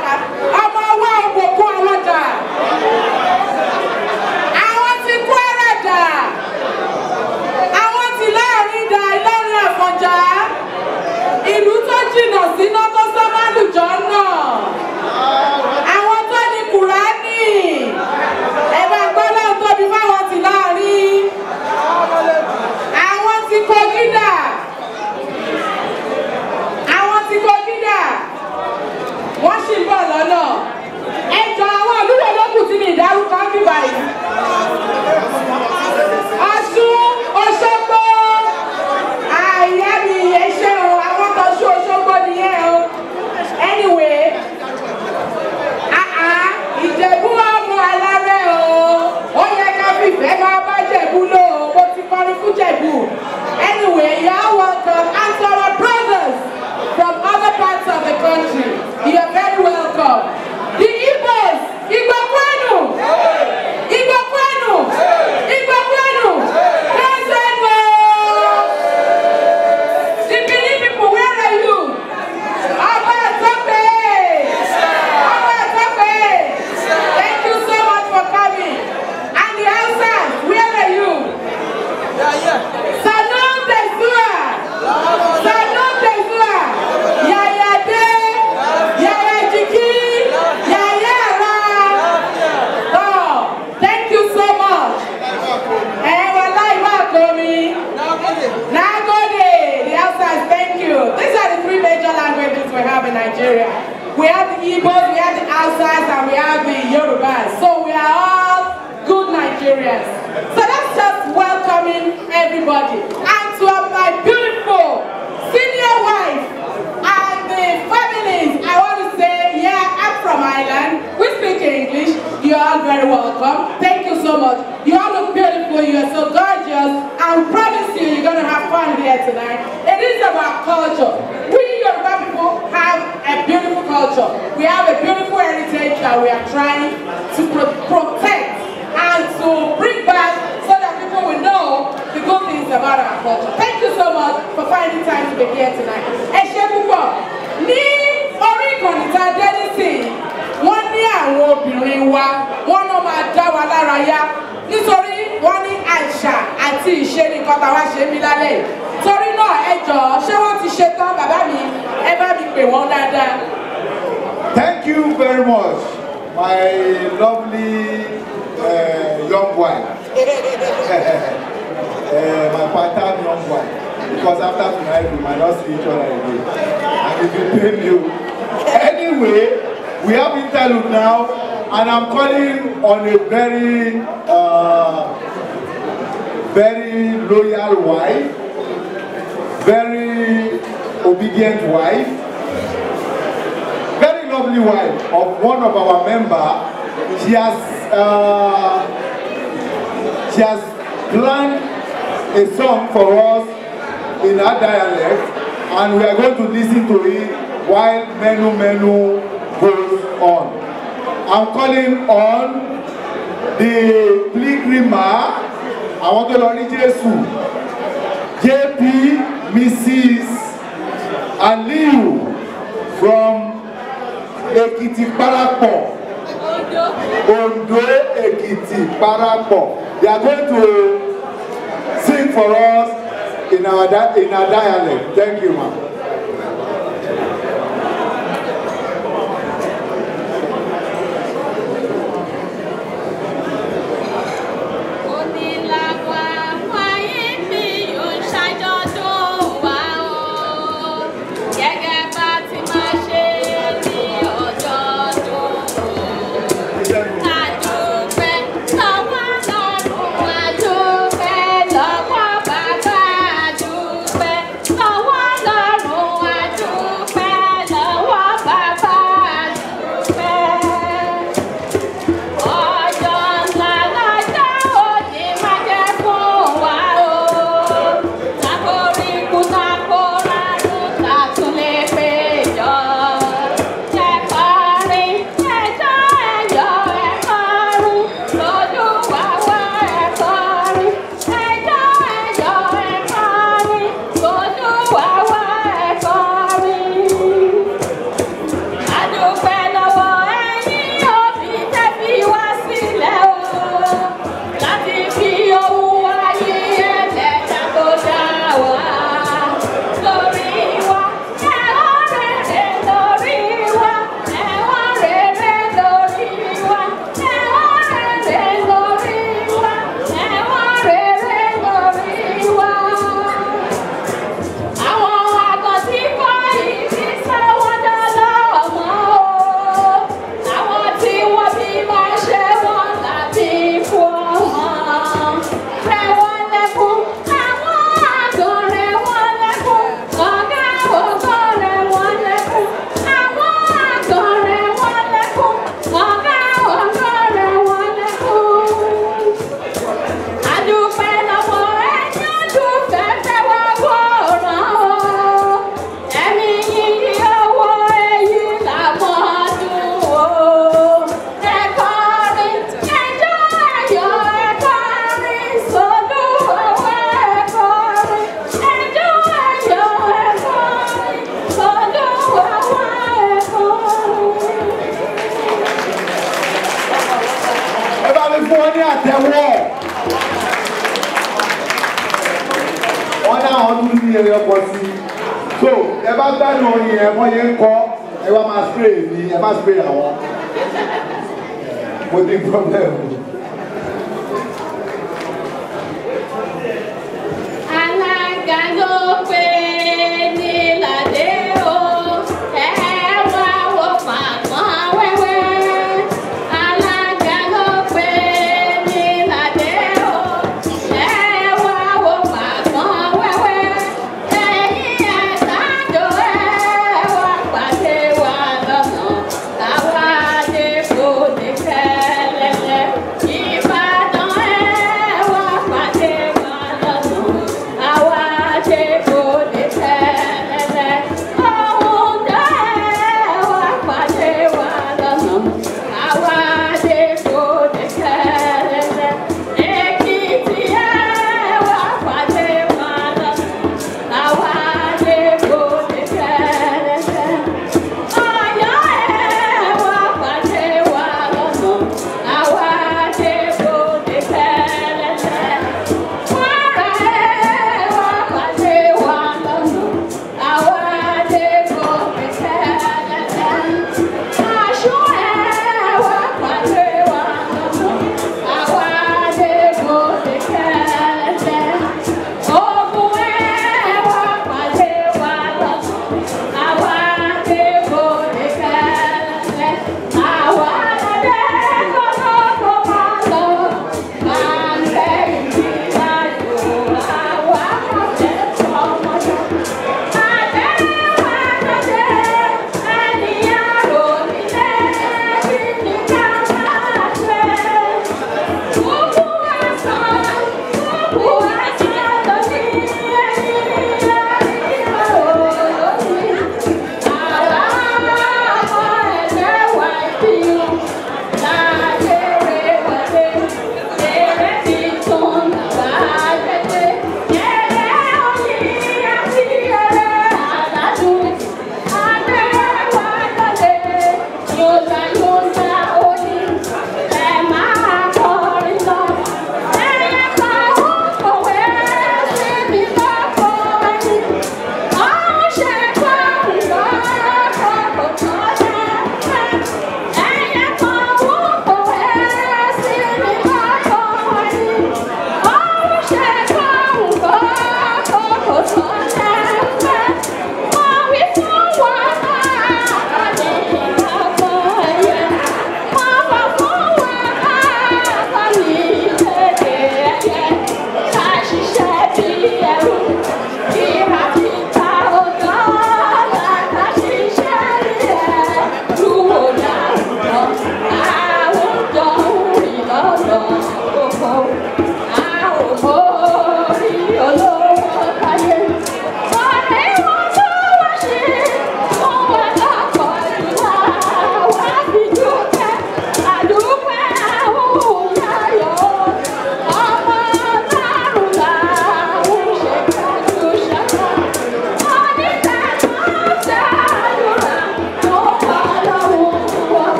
colocar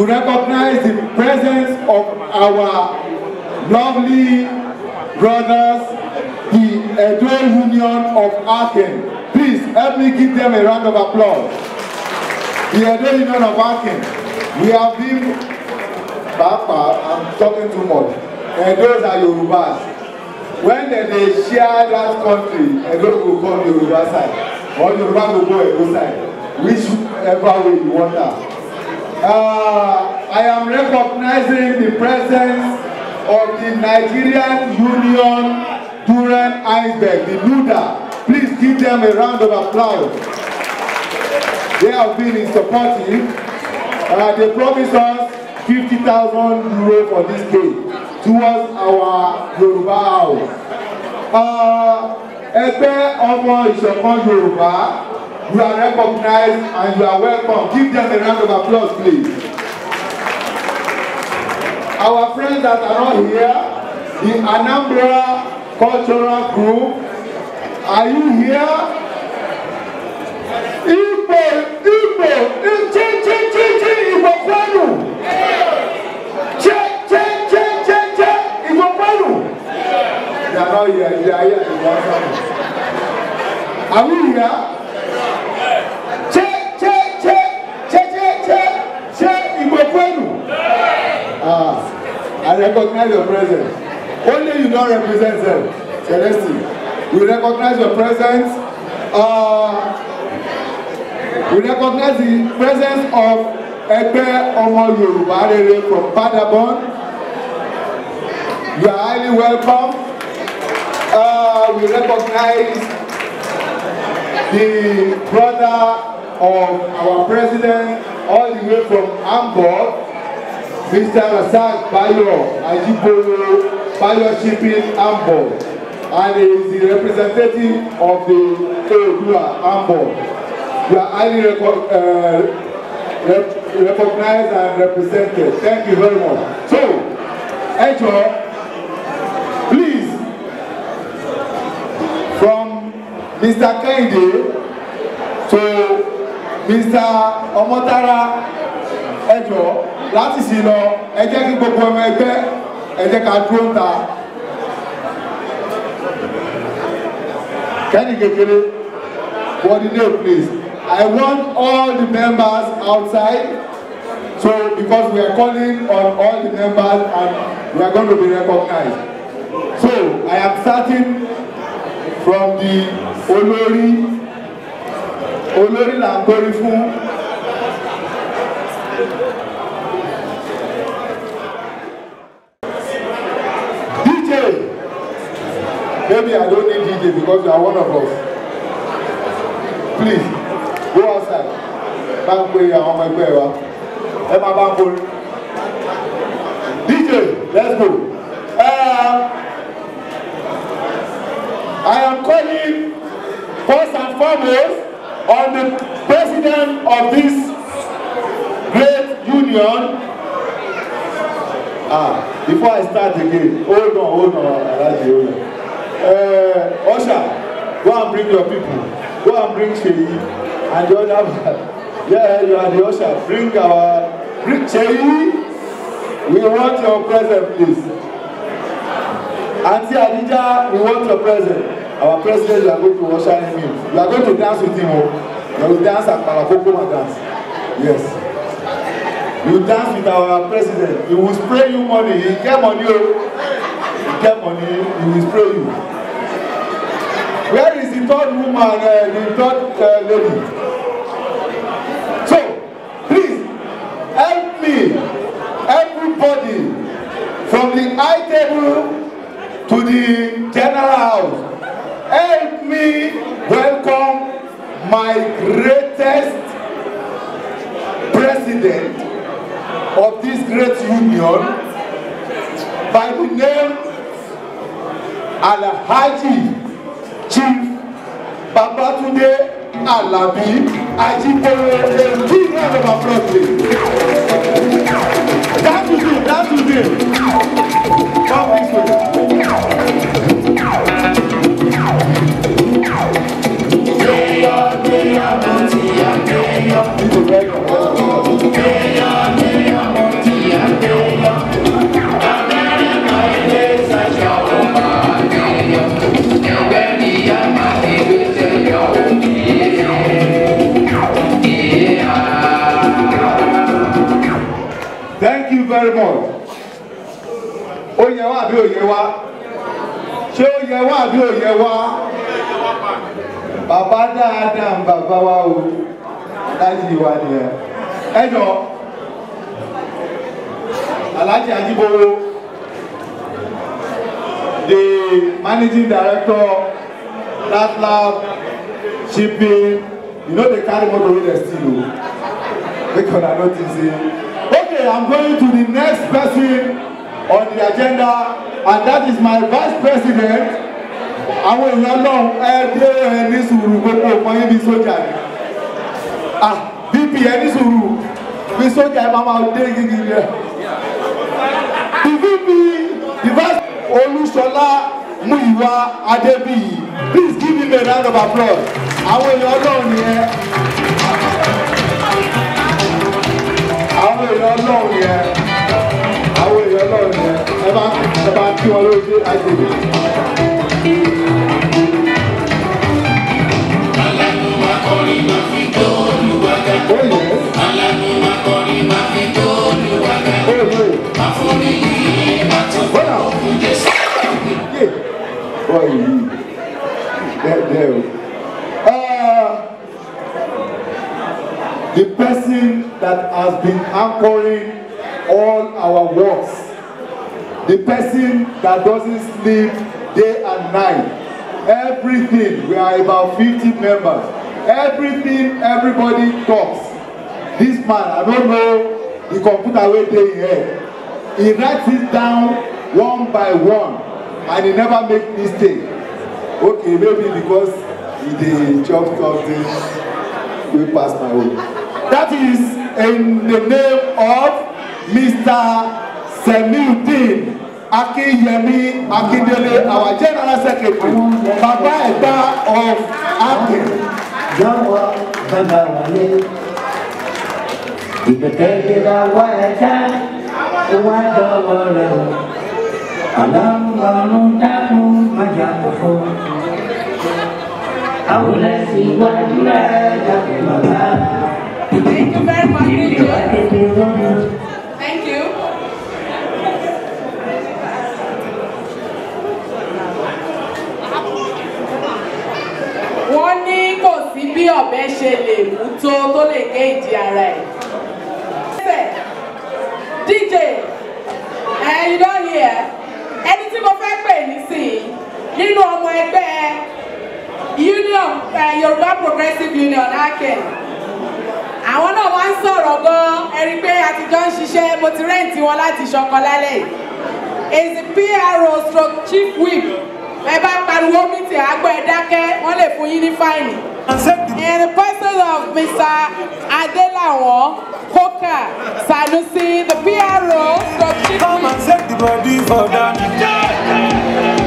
to recognize the presence of our lovely brothers, the Edo Union of Aachen. Please help me give them a round of applause. The Edo Union of Aachen. We have been, Papa, I'm talking too much. And those are Yorubas. When they, share that country, Edo will go come Yoruba side. Or Yoruba will go Edo side. Whichever way you want that. Uh, I am recognizing the presence of the Nigerian Union Durham Iceberg, the NUDA. Please give them a round of applause. They have been in support. Uh, they promised us 50,000 euro for this day towards our Yoruba house. Uh, Ẹgbẹ́ ọmọ ìṣọ̀kan Yorùbá You are recognized and you are welcome. Give them a round of applause, please. Our friends that are not here, the Anambra Cultural Group, are you here? Igbo, Igbo, chi chi chi chi Igbo kwanu. Che che che che che Igbo kwanu. They are not Are we here? recognize your presence. Only you don't represent them. Celestine, we recognize your presence. Uh, we recognize the presence of Ẹgbẹ́ Ọmọ Yorùbá from Paderborn. You are highly welcome. Uh, we recognize the brother of our president all the way from Hamburg. Mr. Rasak Bayo Ajibolo Bayo Shipping Ambo and he is the representative of the Oodua Ambo. You are highly reco uh, rep recognized and represented. Thank you very much. So, Echo, please, from Mr. Kehinde to Mr. Omotara Echo láti sì lọ ẹ jẹ́ kí gbogbo ọmọ ẹgbẹ́ ẹ jẹ́ ká dúró ta kẹ́ni kékeré coordinate please I want all the members outside so because we are calling on all the members and we are going to be recognized so I am starting from the olórí olórí là ń torí fún. Maybe I don't need DJ because you are one of us. Please, go outside. Bá ń my àwọn ọmọ ẹgbẹ́ DJ, let's go. Uh, I am calling first and foremost on the president of this great union. Ah, before I start again, hold on, hold on, I like the hold uh, eh, Osha, go and bring your people. Go and bring Sheyi and the other Yeah, you are the Osha. Bring our, bring Sheyi. We want your present, please. Auntie Adija, we want your present. Our president, you are going to Osha him in. You are going to dance with him. Oh. You will dance at Palakokoma dance. Yes. You dance with our president. He will spray you money. He get money. Oh get money he will spray you where is the third woman uh, the third uh, lady so please help me everybody from the high table to the general house help me welcome my greatest president of this great union by the name alhaji chief babatunde alabi ajitere èyí náà ló máa fọ́ sí. that is it that is it come this way. Mayor, mayor, mayor, mayor. ó yẹ wá àbí ó yẹ wá ṣé ó yẹ wá àbí ó yẹ wá bàbá dáadáa ń bàbá wa o láti ìwà nìyẹn ẹ jọ Alhaji Ajibowo the managing director that latlab shipping you know they carry motor wey dem steal o make una notice say okay i'm going to the next person on the agenda and that is my vice president àwọn èèyàn náà ẹ dé ẹ ní sùúrù gbogbo ọmọ yín bí sójà ni ah bp ẹ ní sùúrù bí sójà ẹ máa máa dé gígí rẹ the vp the vice olúṣọlá múyìwá adébíyì please give me a round of applause àwọn èèyàn náà nìyẹn àwọn èèyàn náà nìyẹn the person that has been anchoring all our works. The person that doesn't sleep day and night. Everything, we are about 50 members. Everything, everybody talks. This man, I don't know the computer wey dey here. He writes it down one by one and he never makes mistake. Okay, maybe because he dey chop something wey pass my own. That is in the name of Mr. Semiudeen Akinyemi Akindele, our General Secretary, Baba Eda of Akin. Jọ̀wọ́ bàbá wọlé, ìgbẹ́kẹ̀lé làwọn ẹ̀dá ìwà dọ̀wọ́ rẹ̀ o. Ọlọ́run dákun májà kókó. Àwọn ẹlẹ́sìn iwájú rẹ̀ dákun bàbá. Thank you very much. bí ọ̀bẹ ṣe lè mú tó tó lè gé ìdí ara ẹ̀. DJ ẹ you don hear ẹni tí mo fẹ́ pè nísìnyí nínú ọmọ ẹgbẹ́ union Yorùbá Progressive Union aken àwọn náà wá ń sọ̀rọ̀ gan-an ẹ̀rí pé àtijọ́ ń ṣiṣẹ́ mo ti rẹ́ǹtì wọn láti ṣọkan lálẹ́ yìí is PRO stroke chief whip ẹ bá pariwo mítì àgbọ̀ ẹ̀ dákẹ́ wọ́n lè fún yín ní fáìnì. And the person of Mr. Adelawo Koka Sanusi, the PRO from Come and take the body for that.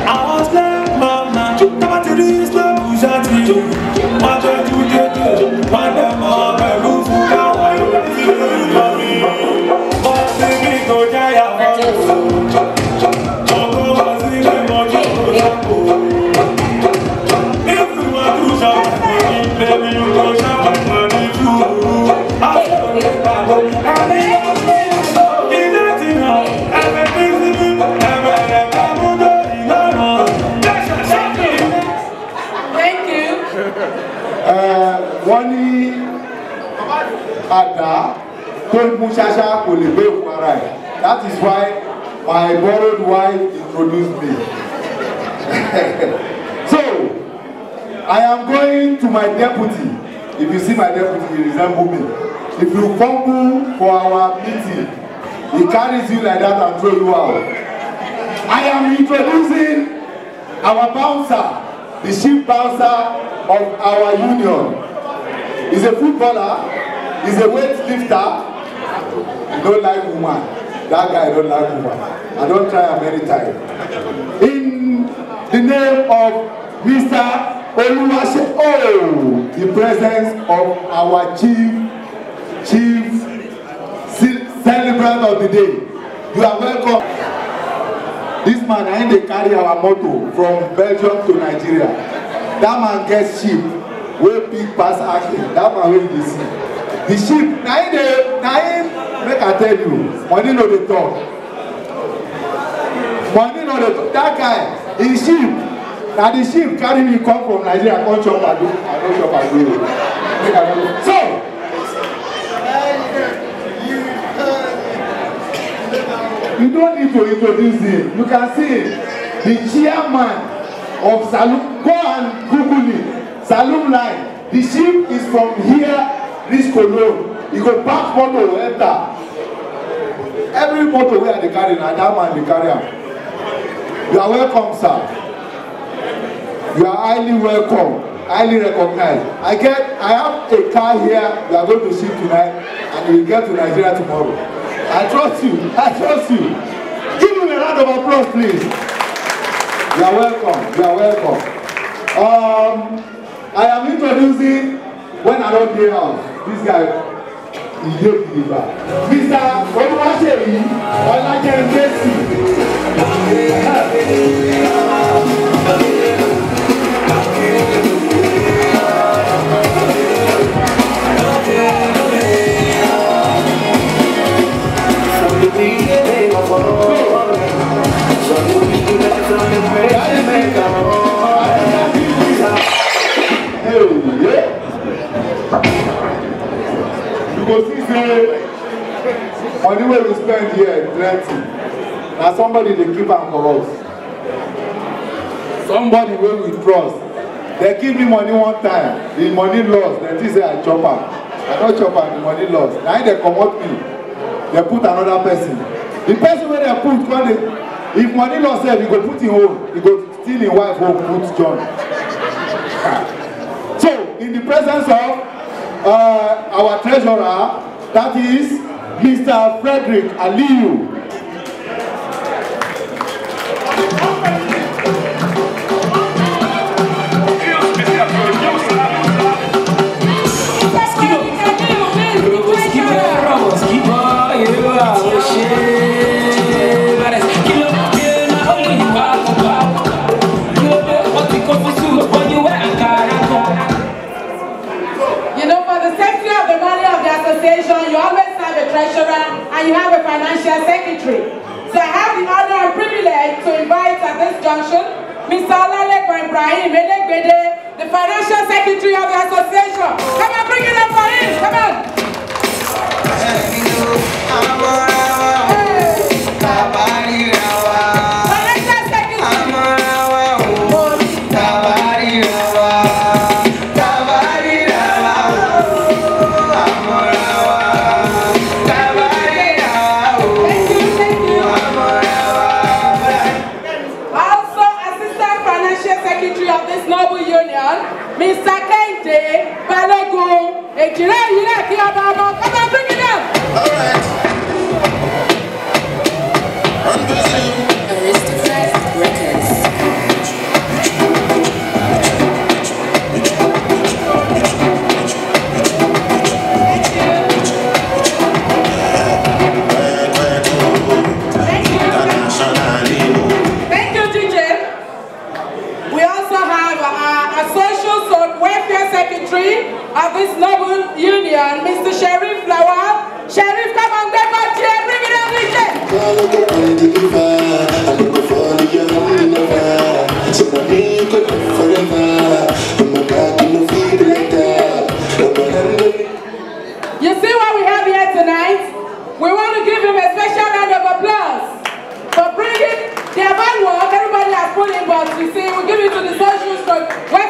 I was like, Mama, come and do this, love, you shan't be. Mother, do you do? Mother, Mama, wọ́n ní àdá tó ń mú ṣáṣá kò lè gbé òkú ara ẹ̀ that is why my borrowed wife introduced me so I am going to my deputy if you see my deputy he resemble me if you fumble for our meeting he carries you like that and throw you out I am introducing our bouncer the chief bouncer of our union. He's a footballer. He's a weightlifter. He don't like woman. That guy don't like woman. I don't try him any time. In the name of Mr. Oluwase oh, the presence of our chief, chief celebrant of the day. You are welcome. This man, I dey carry our motto from Belgium to Nigeria. That man gets cheap wey big pass Ashley. That man wey you see. The sheep, na him dey, na him make I tell you, money no dey talk. Money no dey talk. That guy, him sheep, na the sheep carry me come from Nigeria come chop ado, I no chop ado. Make I tell you. So. You don't need to introduce him. You can see him. The chairman of Salute. Go and Google it saloon line the ship is from here reach cologne e go pack motor enter every motor wey i dey carry na that man dey carry am you are welcome sir you are highly welcome highly recognized i get i have a car here we are going to ship tonight and we get to nigeria tomorrow i trust you i trust you give me a round of applause please you are welcome you are welcome. Um, I am introducing when I don dey house this guy Ide Gidigba Mr. Olúwaṣeyí Ọlájẹ́ńdẹ́sì. go see say money we spend here plenty na somebody they keep on for us somebody wey we trust They give me money one time the money lost. dem think say i chop am i don't chop am the money lost. Now they come comot me They put another person the person where they put come dey if money lost, sef he go put in own he go steal in wife own put John. so in the presence of uh, our treasurer, that is Mr. Frederick Aliu. you always have a treasurer and you have a financial secretary. So I have the honor and privilege to invite at this junction Mr. Olale Ibrahim Elegbede, the financial secretary of the association. Come on, bring it up for him. Come on. Union, Mr. Sheriff Flower. Sheriff, come and get back here. Bring it up, i in the field see what we have here tonight? We want to give him a special round of applause for bringing the bad work everybody has put in, but you see, we give it to the social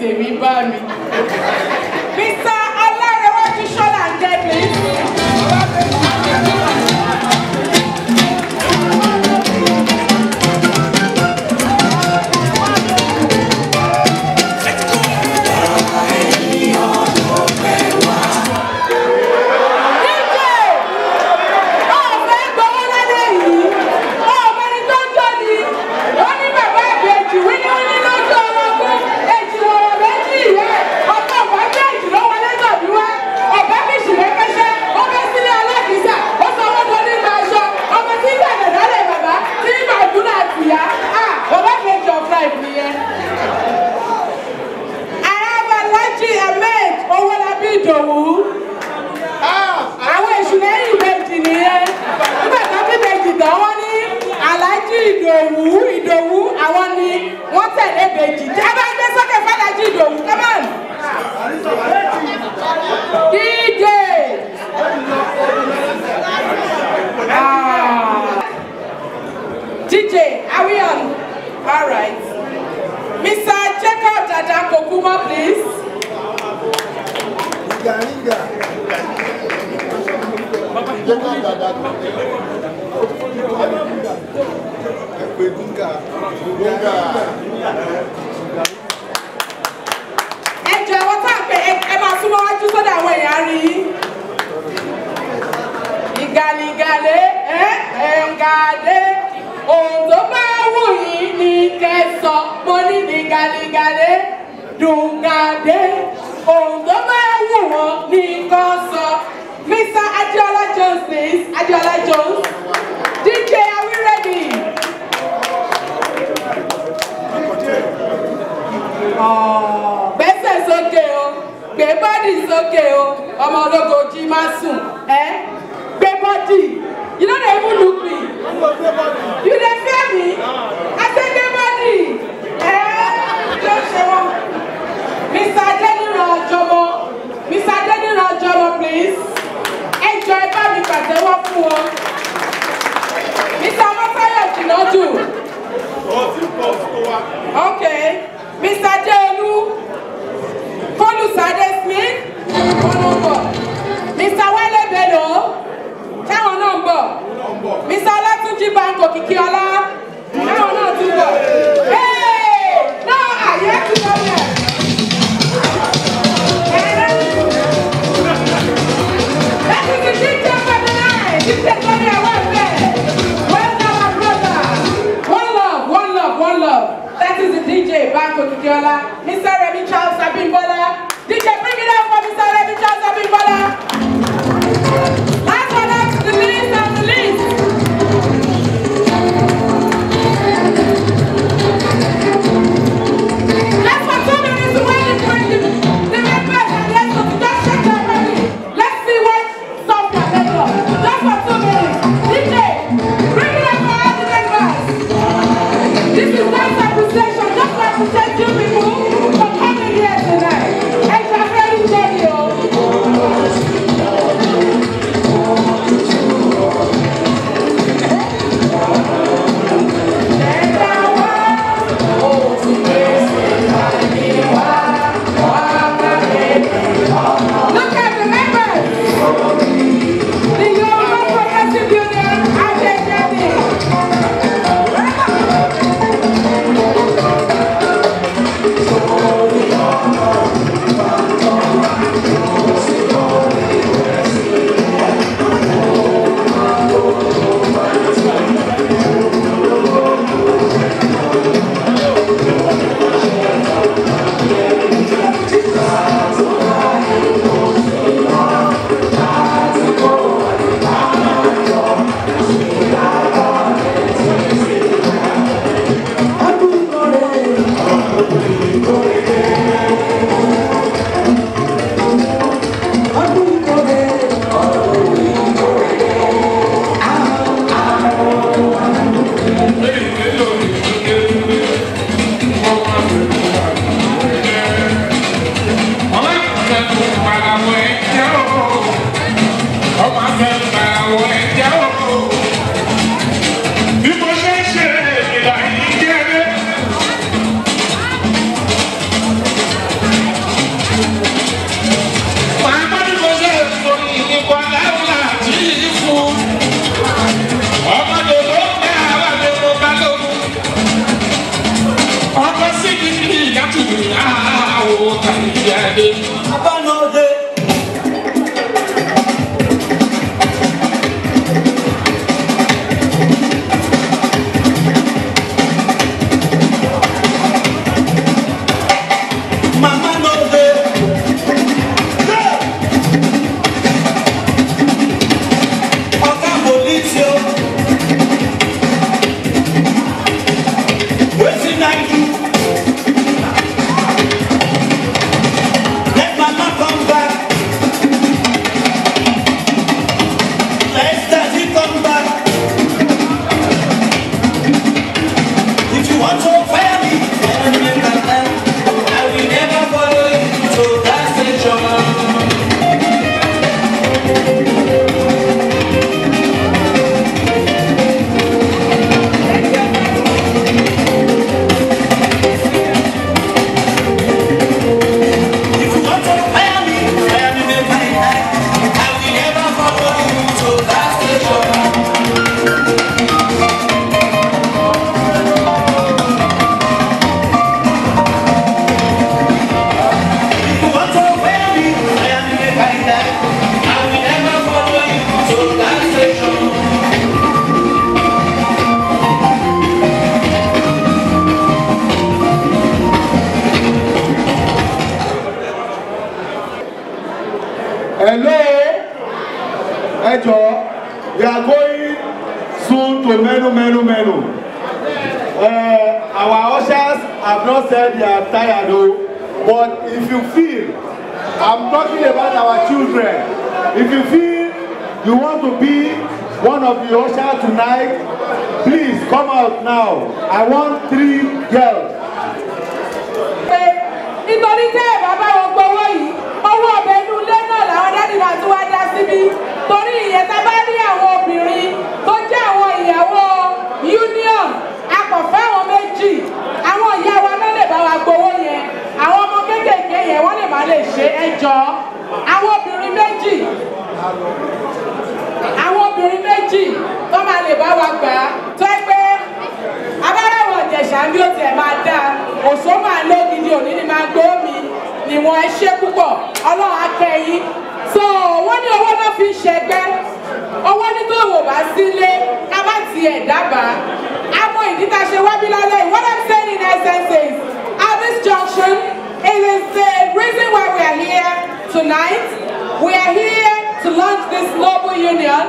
tèmi bá mi. this noble union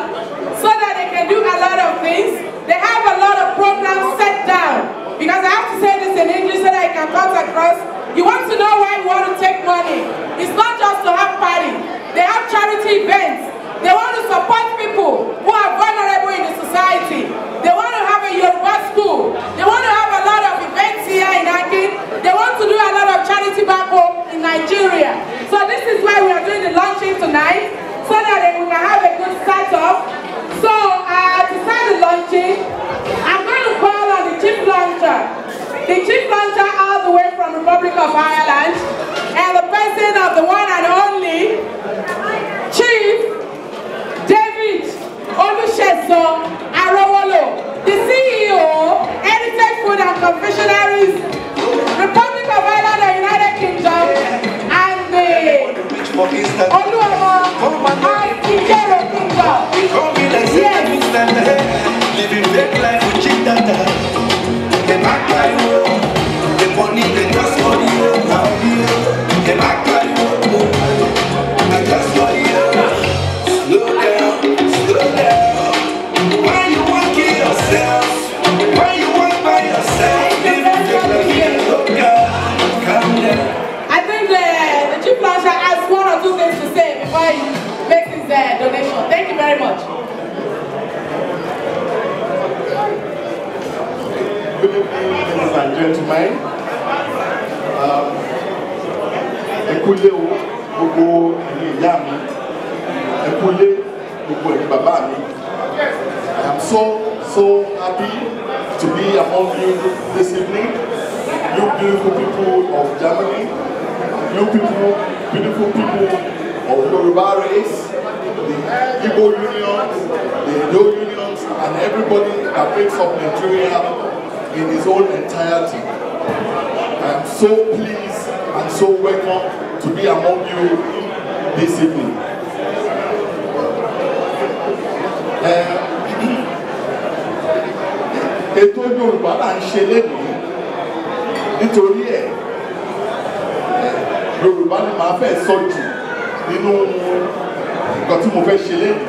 so that they can do a lot of things. They have a lot of programs set down. Because I have to say this in English so that I can cut across. You want to know why you want to take money. It's not just to have party. They have charity events. They want to support people who are vulnerable in the society. They want to have a Yoruba school. They want to have a lot of events here in Akin. They want to do a lot of charity back home in Nigeria. So this is why we are doing the launching tonight. so that they can have a good start-up. So uh, to start the launching, I'm going to call on the chief launcher. The chief launcher all the way from Republic of Ireland and the person of the one and only Chief David Oluseso Arowolo, the CEO, Heritage Food and Confectionaries, Republic of Ireland and United Kingdom. for instance. Living fake life with cheat data. The back guy, the money, the gas money, ẹ̀kúlé um, o gbogbo ìyá mi ẹ̀kúlé gbogbo bàbá mi I am so so happy to be among you this evening you beautiful people of Germany you people beautiful people of Yoruba race the Igbo unions the Edo unions and everybody that makes up Nigeria. in its own entirety. I'm so pleased and so welcome to be among you this evening. Eh, ètò Yorùbá là ń ṣe lénìí nítorí ẹ̀ eh, Yorùbá ni màá fẹ́ sọ jù nínú nǹkan tí mo fẹ́ ṣe lénìí.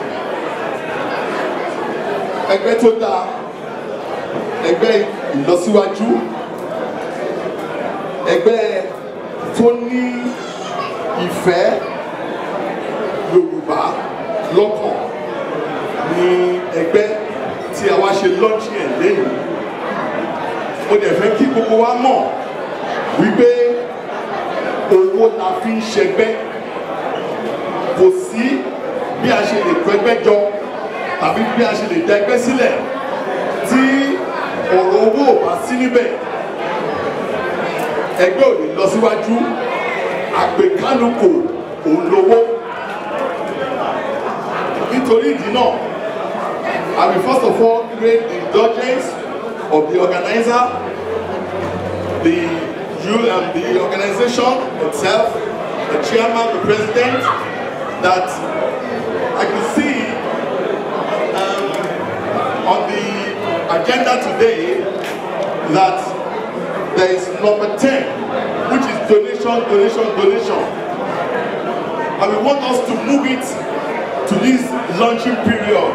Ẹgbẹ́ tó dáa ẹgbẹ́ ìlọsíwájú ẹgbẹ́ tó ní ìfẹ́ yorùbá lọ́kàn ní ẹgbẹ́ tí a wá ṣe lọ́ọ̀ṣì ẹ̀ lẹ́yìn mo dẹ̀ fẹ́ kí gbogbo wa mọ̀ wípé owó la fi ń ṣẹgbẹ́ kò sí bí a ṣe lè kọ ẹgbẹ́ jọ tàbí bí a ṣe lè dá sílẹ̀ tí ọ̀rọ̀ owó bá sí níbẹ̀ ẹgbẹ́ ò lè lọ síwájú àgbékánukò òun lówó nítorí ìdí náà I will first of all great indulgence of the organizer the you and the organization itself the chairman the president that I could see um, on the agenda today that there is number 10, which is donation, donation, donation. And we want us to move it to this launching period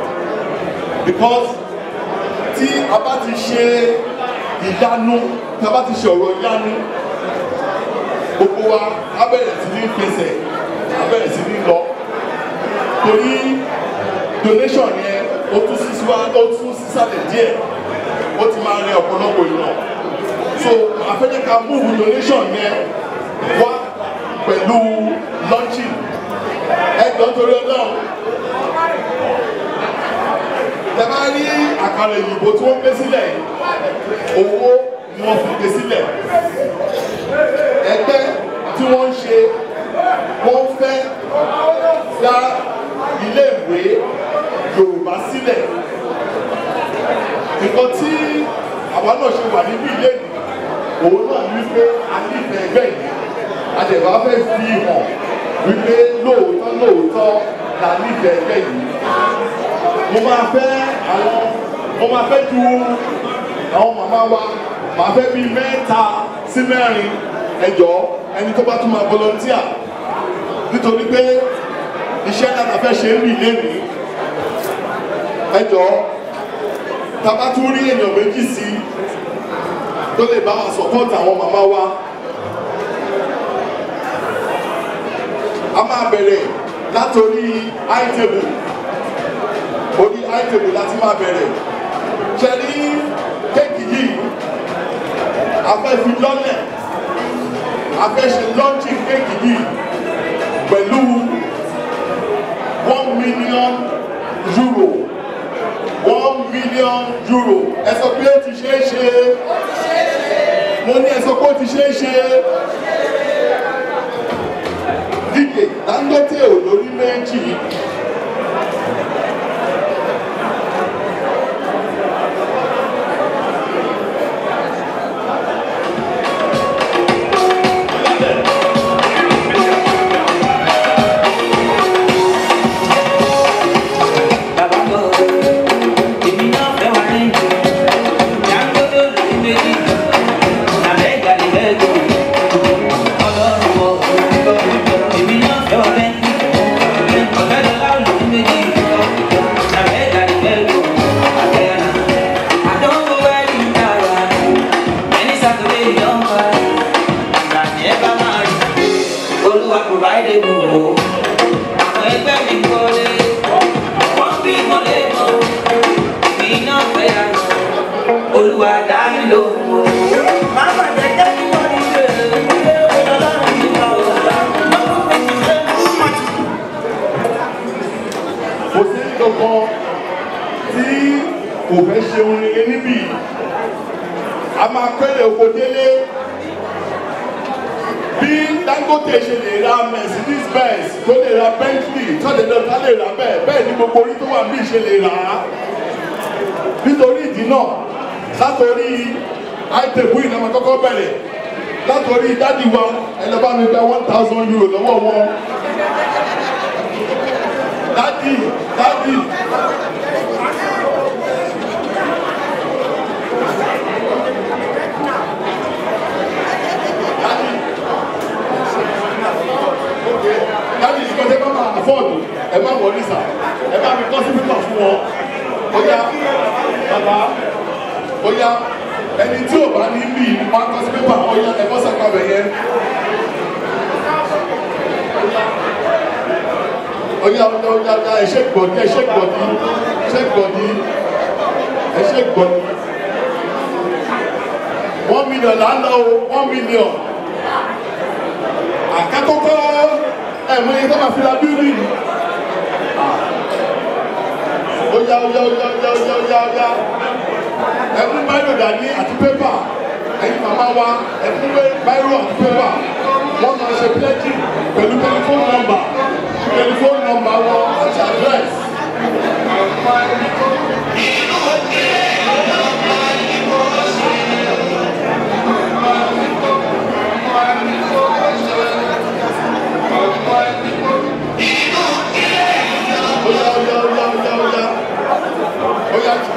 because tí a bá ti ṣe ìyanu tí a bá ti ṣe ọ̀rọ̀ ìyanu gbogbo wa á bẹ̀rẹ̀ sí ní pèsè á bẹ̀rẹ̀ lọ torí donation yẹn ó tún sí síwá ó tún sí sálẹ̀ díẹ̀ ó ti máa rẹ ọ̀pọ̀lọpọ̀ ìran so afẹ́jẹ́ka move donation yẹn wá pẹ̀lú launching ẹgbẹ́ torí ọlọ́run tẹ́lá rí àkàrà ìyìnbó tí wọ́n gbé sílẹ̀ owó ni wọ́n fi gbé sílẹ̀ ẹgbẹ́ tí wọ́n ń ṣe wọ́n fẹ́ dá ilé ìwé Yorùbá sílẹ̀ nǹkan tí àwa náà ṣe wà níbí ilé mi òun náà ní wípé a nífẹ̀ẹ́ ẹgbẹ́ yìí a dẹ̀ bá fẹ́ fi hàn wípé lóòótọ́ lóòótọ́ la nífẹ̀ẹ́ ẹgbẹ́ yìí mo máa fẹ́ àwọn mo máa fẹ́ ju àwọn màmá wa màá fẹ́ bíi mẹ́ta sí mẹ́rin ẹjọ́ ẹni tó bá tún máa volunteer nítorí pé iṣẹ́ náà la fẹ́ ṣe ń rí lẹ́nu ẹ jọ tàbá tún rí èèyàn méjì sí tó lè bá wa support àwọn màmá wa a máa bẹ̀rẹ̀ látòrí high table orí high table láti máa bẹ̀rẹ̀ ṣe ní kéèkì yìí a fẹ́ lọ́ọ̀jì kéèkì yìí pẹ̀lú one million euro. Million euro ẹ sọ pé ó ti ṣeé ṣe mo ní ẹ sọ pé ó ti ṣeé ṣe dídè Dangote ò lórí méjì. ṣeun ni níbí a máa kéde oko délé bí Dangote ṣe lè ra Mercedes Benz tó lè ra Bentley tó lè lọ tá lè ra bẹ́ẹ̀ bẹ́ẹ̀ ni gbogbo orí tó wà bí ṣe lè rà á nítorí ìdí náà látòrí àìtẹ̀wé ìnáwó kọ́kọ́ bẹ̀rẹ̀ látòrí dádì wa mi gba one thousand euro lọ́wọ́ wọn. ẹ má wọlé sà ẹ má fi kọ́sí pípà fún wọn bóyá bàbá bóyá ẹni tí ò bá ní bí má kọ́sí pípà bóyá ẹ bọ́ sàkà bẹ̀ yẹn. Oya oya oya oya ẹ ṣe gbọ̀dí ẹ ṣe gbọ̀dí ṣe gbọ̀dí ẹ ṣe gbọ̀dí. One million là ń lọ o one million. Àkàkọ́kọ́ ẹ̀ mọ iye tó máa fi ra bíúrì yìí ó yá ó yá ó yá ó yá ó yá ó yá ó yá ẹkún báyọ̀ dání àti pépà ẹ̀yin màmá wa ẹkún báyọ̀ àti pépà wọ́n máa ṣe pẹ́ẹ́jì pẹ̀lú tẹlifóònù nọ́mbà tẹlifóònù nọ́mbà wọn àti àdírẹ́sì.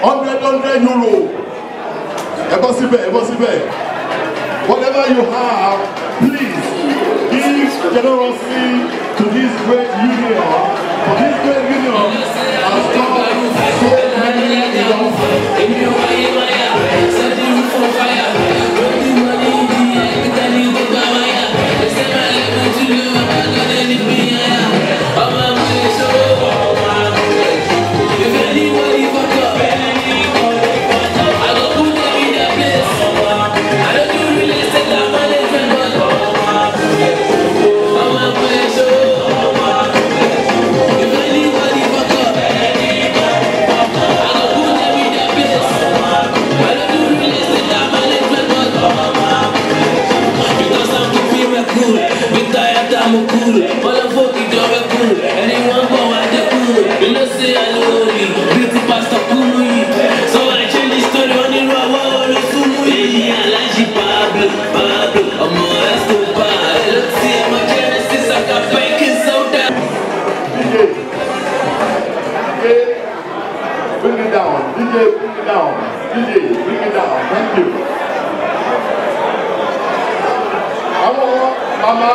hundred hundred Impossible. Impossible. whatever you have please give generously to this great union for this great. Thank you. Àwọn màmá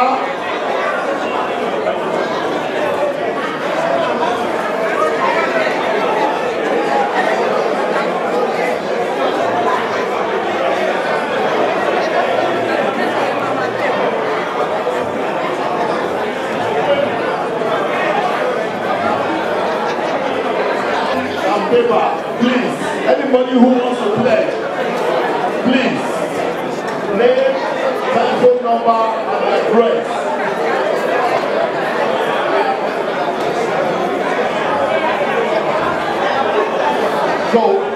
paper, please. Anybody who wants to pledge, number and So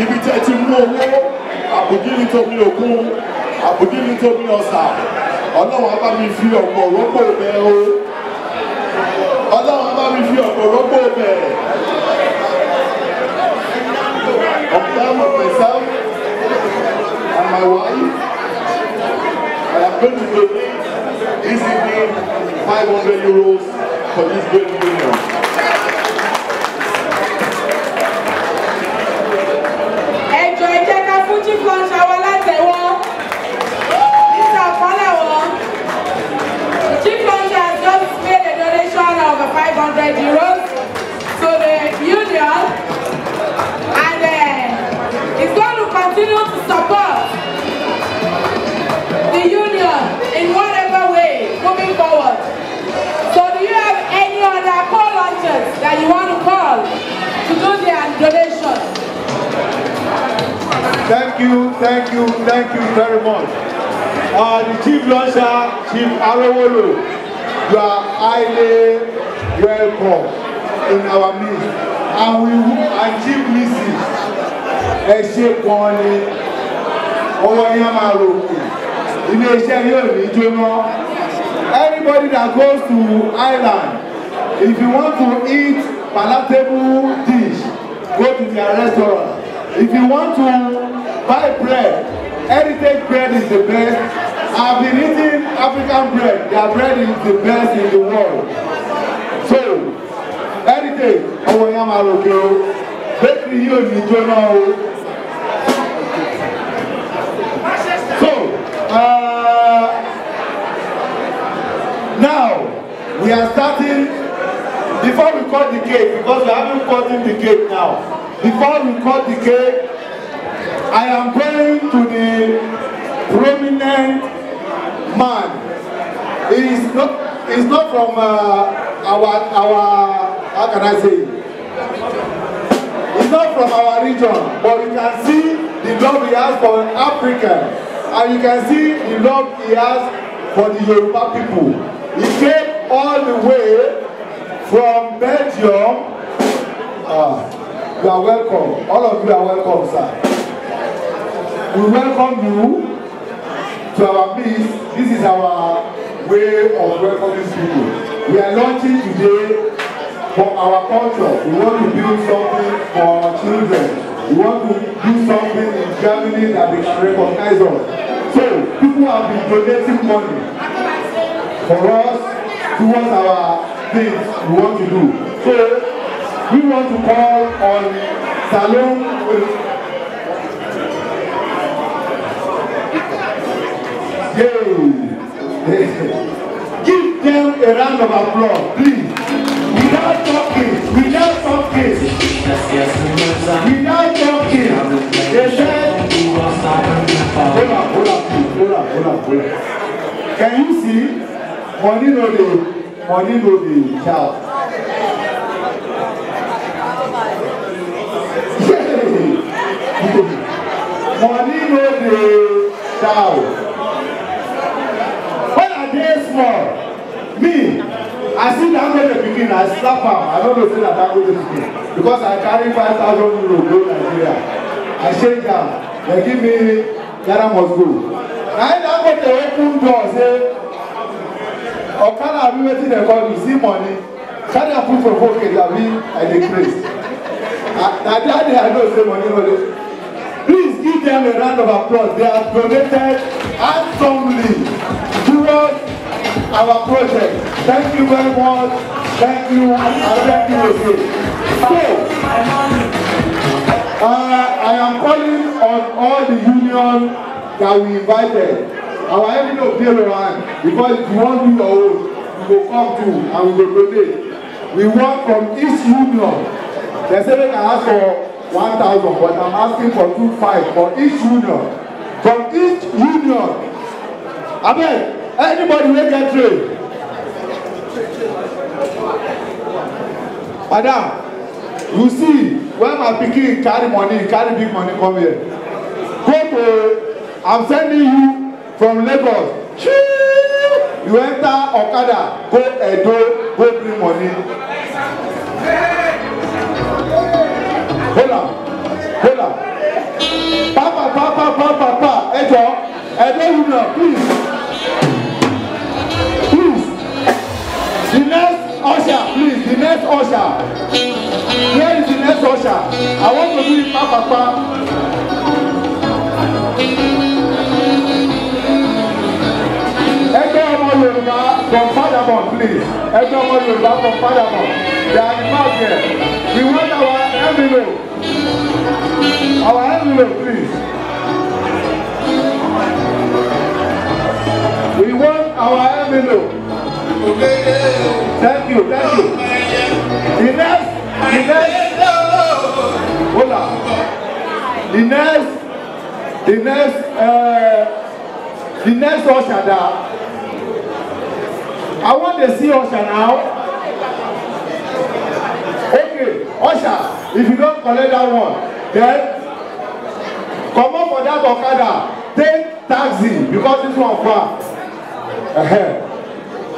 ibi tẹ́ ti mú owó àbùdí nítorí òkun àbùdí nítorí ọ̀sà ọlọ́run bá mi fi ọ̀pọ̀ rọ́pò bẹ́ o ọlọ́run bá mi fi ọ̀pọ̀ rọ́pò bẹ́ ọ̀pọ̀ àmọ̀ myself and my wife I am going to donate easily five hundred euros for this building. iṣẹ́ yóò ní jóná. Everybody that goes to Ireland, if you want to eat palatable dish, go to their restaurant. If you want to buy bread, heritage bread is the best. I've been eating African bread. Their bread is the best in the world. So, heritage, ọwọ́ yẹn máa rògbò. Bakery yóò ní jóná o. gate now. Before we cut the cake, I am going to the prominent man. He is not, he is not from uh, our, our, how can I say? He's not from our region, but you can see the love he has for Africa. And you can see the love he has for the Yoruba people. He came all the way from Belgium Ah, you are welcome. All of you are welcome, sir. We welcome you to our midst. This is our way of welcoming people. We are launching today for our culture. We want to build something for our children. We want to do something in Germany that they can recognize us. So people have been donating money for us towards our things we want to do. So you want to call on Salome Hey. Give them a round of applause, please. Without talking, without talking, without talking, they said, hold up, hold up, hold up, hold up, hold up. Can you see? Money no dey, money no dey, shout. Money no dey down. When I dey small, me, I see that Dangote pikin, I slap am. I no know say na Dangote pikin because I carry five thousand euro go Nigeria. I shake am, dem give me naira must go. Na im Dangote open door say, Okada abi wetin dem call you, see money, carry am put for pocket abi I dey craze that day I know say money no Please give them a round of applause. They have donated handsomely towards our project. Thank you very much. Thank you. I thank you again. So, uh, I am calling on all the union that we invited. Our heavy no pay your hand because if you wan do your own, you go come to and we will donate. We want from each union They say make I ask for 1,000, but I'm asking for 2,500 for each union. From each union. Abeg, anybody wey get trade? Madam, you see, when my pikin carry money, carry big money come here. Go to, I'm sending you from Lagos. you enter okada go edo go bring money. Papa, papa, papa, papa! jọ ẹ̀dọ́ wù náà please please the next usher please the next usher where is the next usher I want to do it papa, papa. ọmọ yorùbá from fatherborn please Everyone, ọmọ yorùbá from fatherborn they are the mouth here we want our envelope. Our envelope, please. We want our envelope. Thank you, thank you. The next, the next, hold on. The next, the next, uh, the next usher I want to see usher now. Usher, if you don't collect that one, then come up for that Okada, take taxi because this one far. Uh-huh.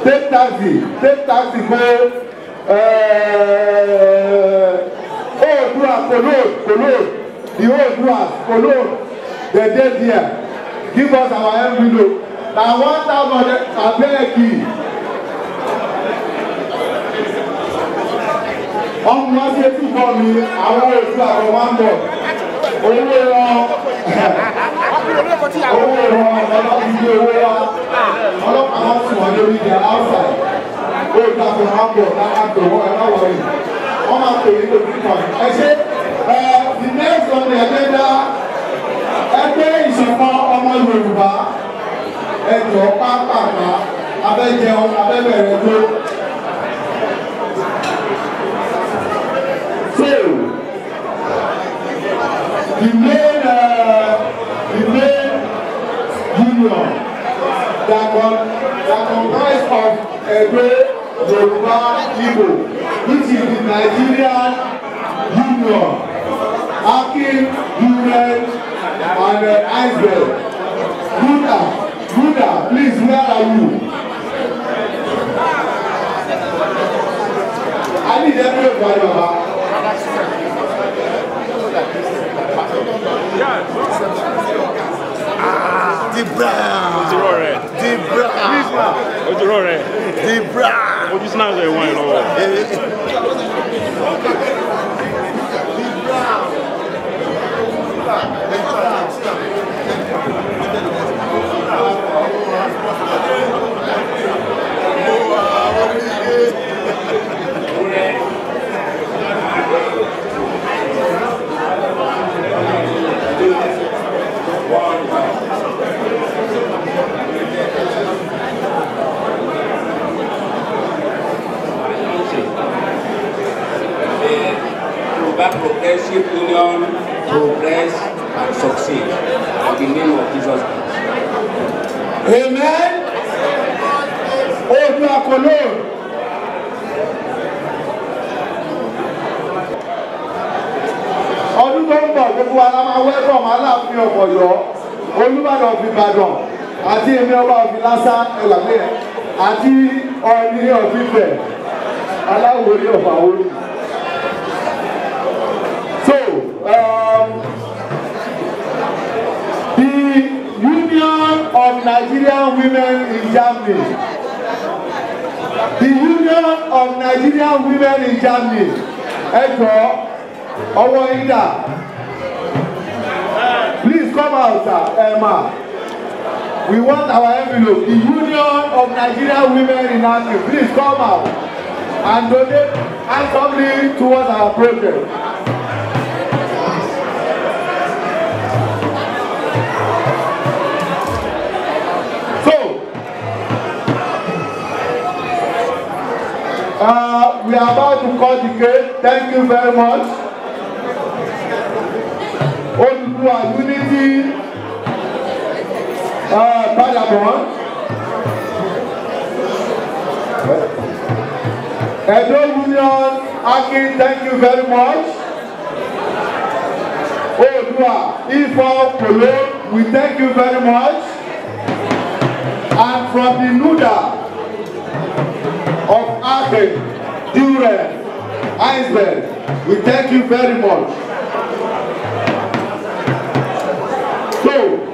Take taxi, take taxi go uh, eh, Oodua, oh, Cologne, Cologne, the old Ooduas, Cologne, they dead here. Give us our envelope. Na one thousand abeg. wọ́n mú wá sí etí kọ́ mi àwọn òṣù àgbọ̀ wá ń bọ̀ owó wọn owó wọn ọlọ́pàá ti gbé owó wa ọlọ́pàá wọn sùn wọn lórí ìjà outside ó dàpọ̀ wá ń bọ̀ lára tó wọ́n ẹ̀ náà wọ̀nyí wọ́n máa pè é lórí kan ẹ ṣe ẹ the next on the agenda ẹgbẹ́ ìṣọ̀kan ọmọ Yorùbá ẹ̀jọ̀ pápákà abẹ́jẹun abẹ́bẹ̀rẹ̀ tó. the main uh, the main union that com that comprise of Egbe Yoruba Igbo which is the Nigerian union Akin Duren and uh, Iceberg Buddha Buddha please where are you. I need everybody, Baba. Dibra. Ojúrọ̀ rẹ̀. Dibra. Ojúrọ̀ rẹ̀. Dibra. Ojú sinna sọ ìwọ̀n ìlọ́wọ́. Dibra. Eh, Dibra. Eh. Progressive Union progress and succeed. In the name of Jesus Christ. Amen. Odu akolo. Ọdún tó ń bọ̀ gbogbo ara máa wẹ́bọ̀ máa láàfin ọ̀pọ̀yọ́ Olúbàdàn fi Ìbàdàn àti èmi ọba òfin lásà ẹ̀làmílẹ̀ àti ọ̀ọ́nì ọ̀fífẹ̀ aláwòrán ọ̀fà orí. of Nigerian women in Germany. The Union of Nigerian women in Germany. Ẹjọ́ ọwọ́ ìdá. Please come out Emma. We want our envelope. The Union of Nigerian women in Germany. Please come out and donate handsomely towards our project. Uh, we are about to call the gate. Thank you very much. All our Unity uh, Padàbọ̀n. Edo Union Akin, thank you very much. Odùduwà Ifọ̀ Kolo, we thank you very much. And from the NUDA of Aachen, Duren, Eisberg. We thank you very much. So,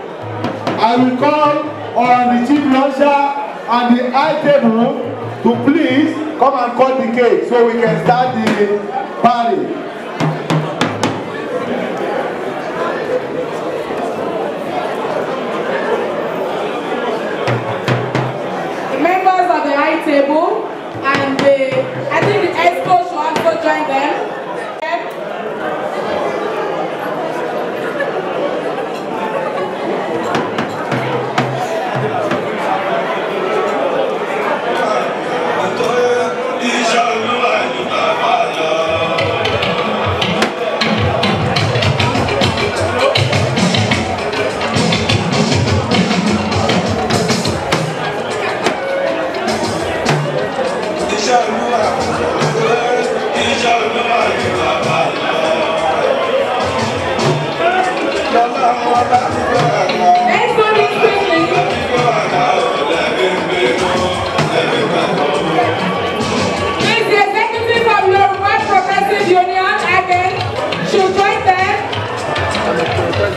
I will call on the chief usher and the high table to please come and cut the cake so we can start the party. table. I think the expo should also join them.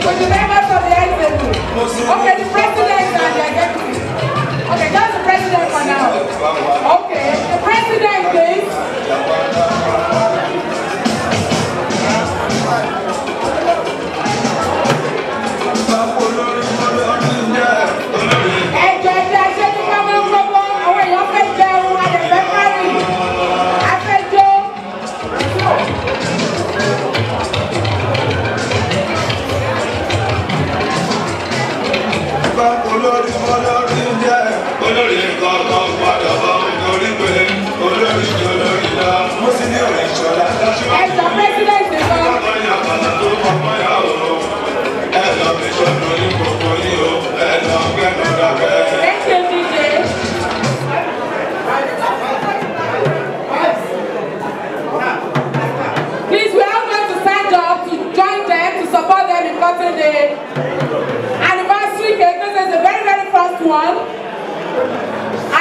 Could you never for the enemy? Okay, the president.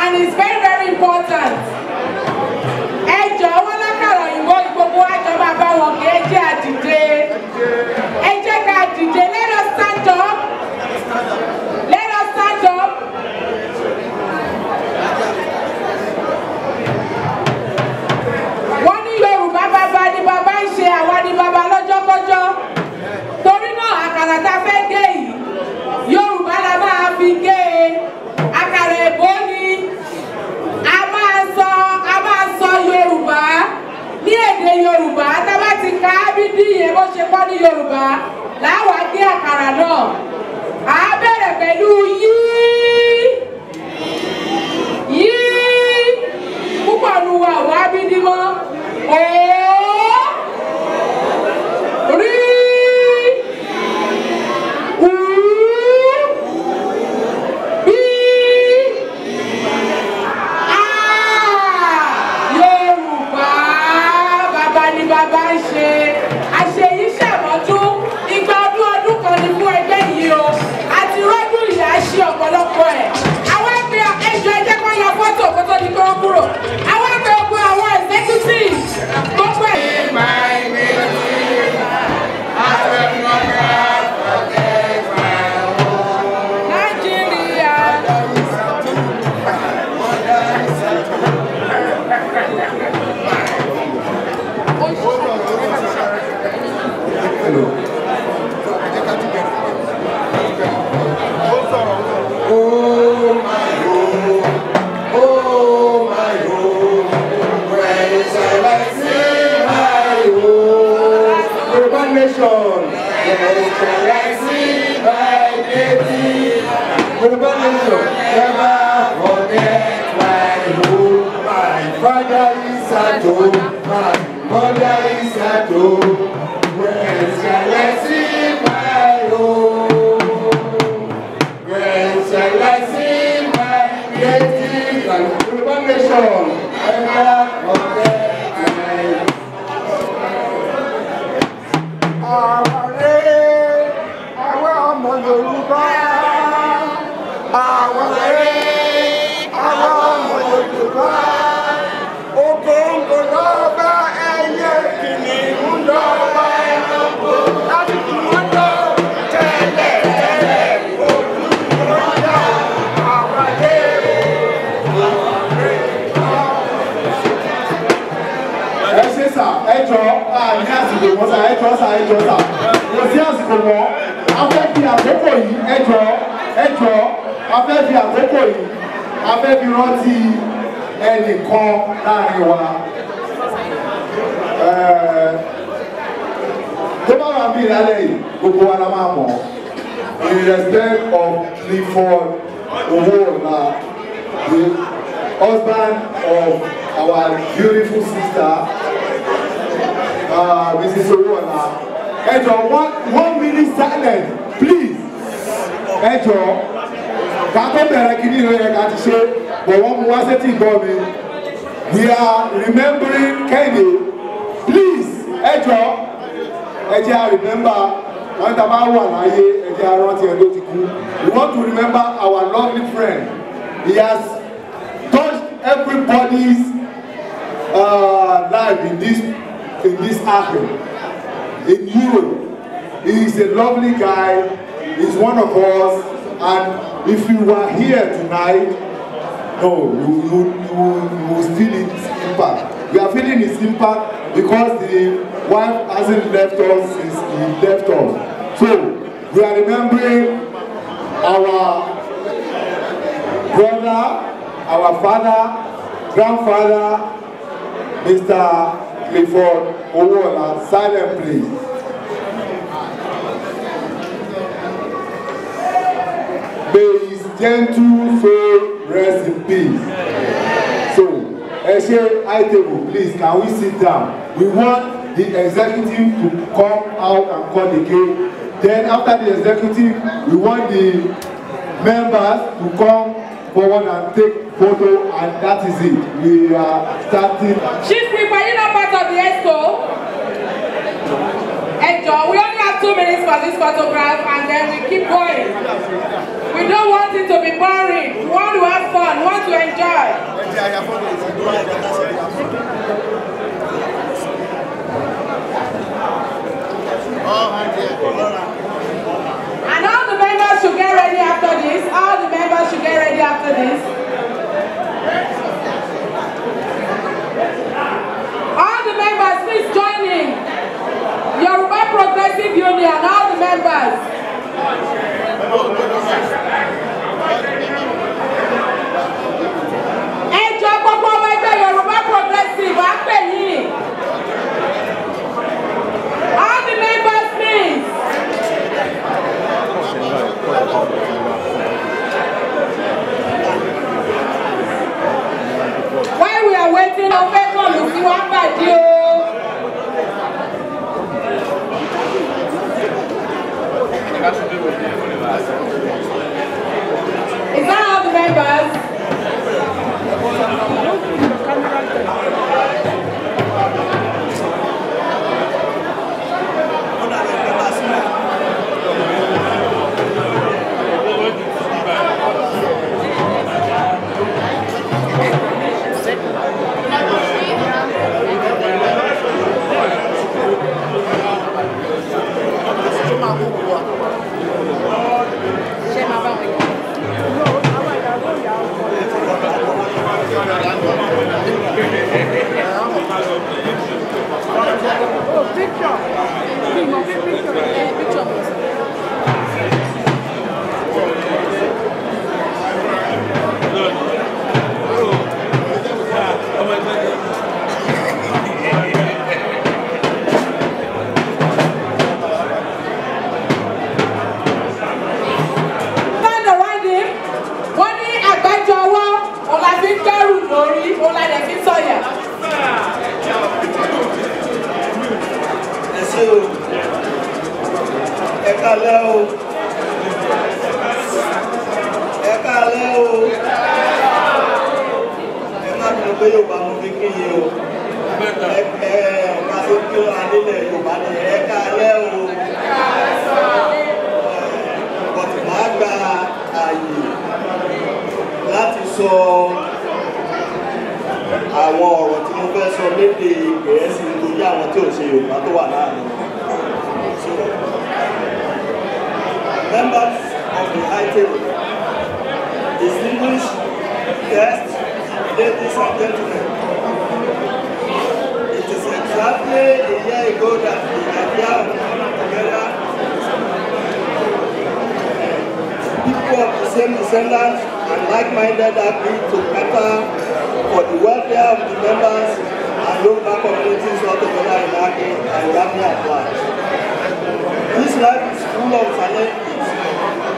and it's very, very important. Yorùbá làwọn á gbé àkàrà náà àá bẹ̀rẹ̀ pẹ̀lú yíyí. kìíní ìlú yẹn ká ti ṣe but wọ́n mú wá sétí ìgbọ́ mi we are remembering Kẹ́hìndé please ẹ jọ ẹ jẹ́ à remember wọ́n ta bá wà láyé ẹ jẹ́ à rántí ti kú we want to remember our lovely friend he has touched everybody's uh, life in this in this happen in Europe he is a lovely guy he is one of us. And if you were here tonight, no, you, you, you, you will feel its impact. We are feeling its impact because the wife hasn't left us since he left us. So, we are remembering our brother, our father, grandfather, Mr. Clifford Owola, silent please. May his gentle soul rest in peace. Yeah. So, Eshe Aitebu, please, can we sit down? We want the executive to come out and call the game. Then after the executive, we want the members to come forward and take photo and that is it. We are starting. Chief Pipa, you know part of the expo? Enjoy. We are two minutes for this photograph and then we keep going. We don't want it to be boring. We want to have fun. We want to enjoy. And all the members should get ready after this. All the members should get ready after this. All the members, please join Yoruba Progressive Union, all the members. Ẹ jọ gbogbo ọmọ ẹgbẹ́ Progressive, à All the members please. While we are waiting, ọ̀fẹ́ kan lù sí wá pàdé o. Thank you. káalẹ́ o ẹ káalẹ́ o ẹ má bínú pé Yorùbá mo fi kí yìí o ẹ ẹ ká tó kí ọ adélẹ̀ Yorùbá ni ẹ káalẹ́ o bọ̀tù máa gba àyè láti sọ àwọn ọ̀rọ̀ tí mo fẹ́ sọ lédè Gẹ̀ẹ́sì nítorí àwọn tí ò ṣe Yorùbá tó wà láàrin. members of the high table, distinguished guests, ladies and gentlemen. It is exactly a year ago that the idea of together people of the same descendants and like-minded agreed to cater for the welfare of the members and local communities altogether in Agri and Gambia at large. This life is full of challenges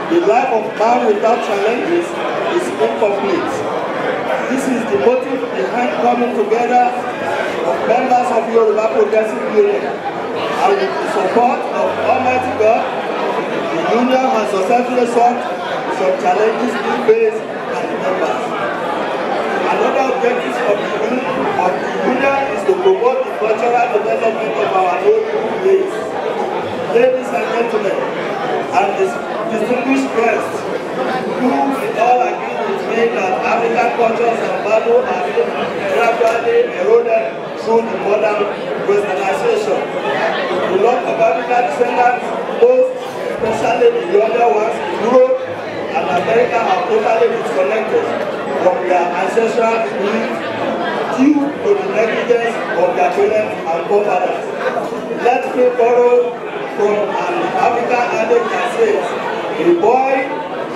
The life of man without challenges is incomplete. This is the motive behind coming together of members of Yoruba Progressive Union. And with the support of Almighty God, the union has successfully solved some challenges being face as members. Another objective of the union, of the union is to promote the cultural development of our own place. Ladies and gentlemen, and this distinguished guests who all agree with that African cultures and values have been gradually eroded through the modern westernization. The lot of African descendants, both especially the younger ones in Europe and America, are totally disconnected from their ancestral roots due to the negligence of their parents and forefathers. Let me borrow from an African adage that says, A boy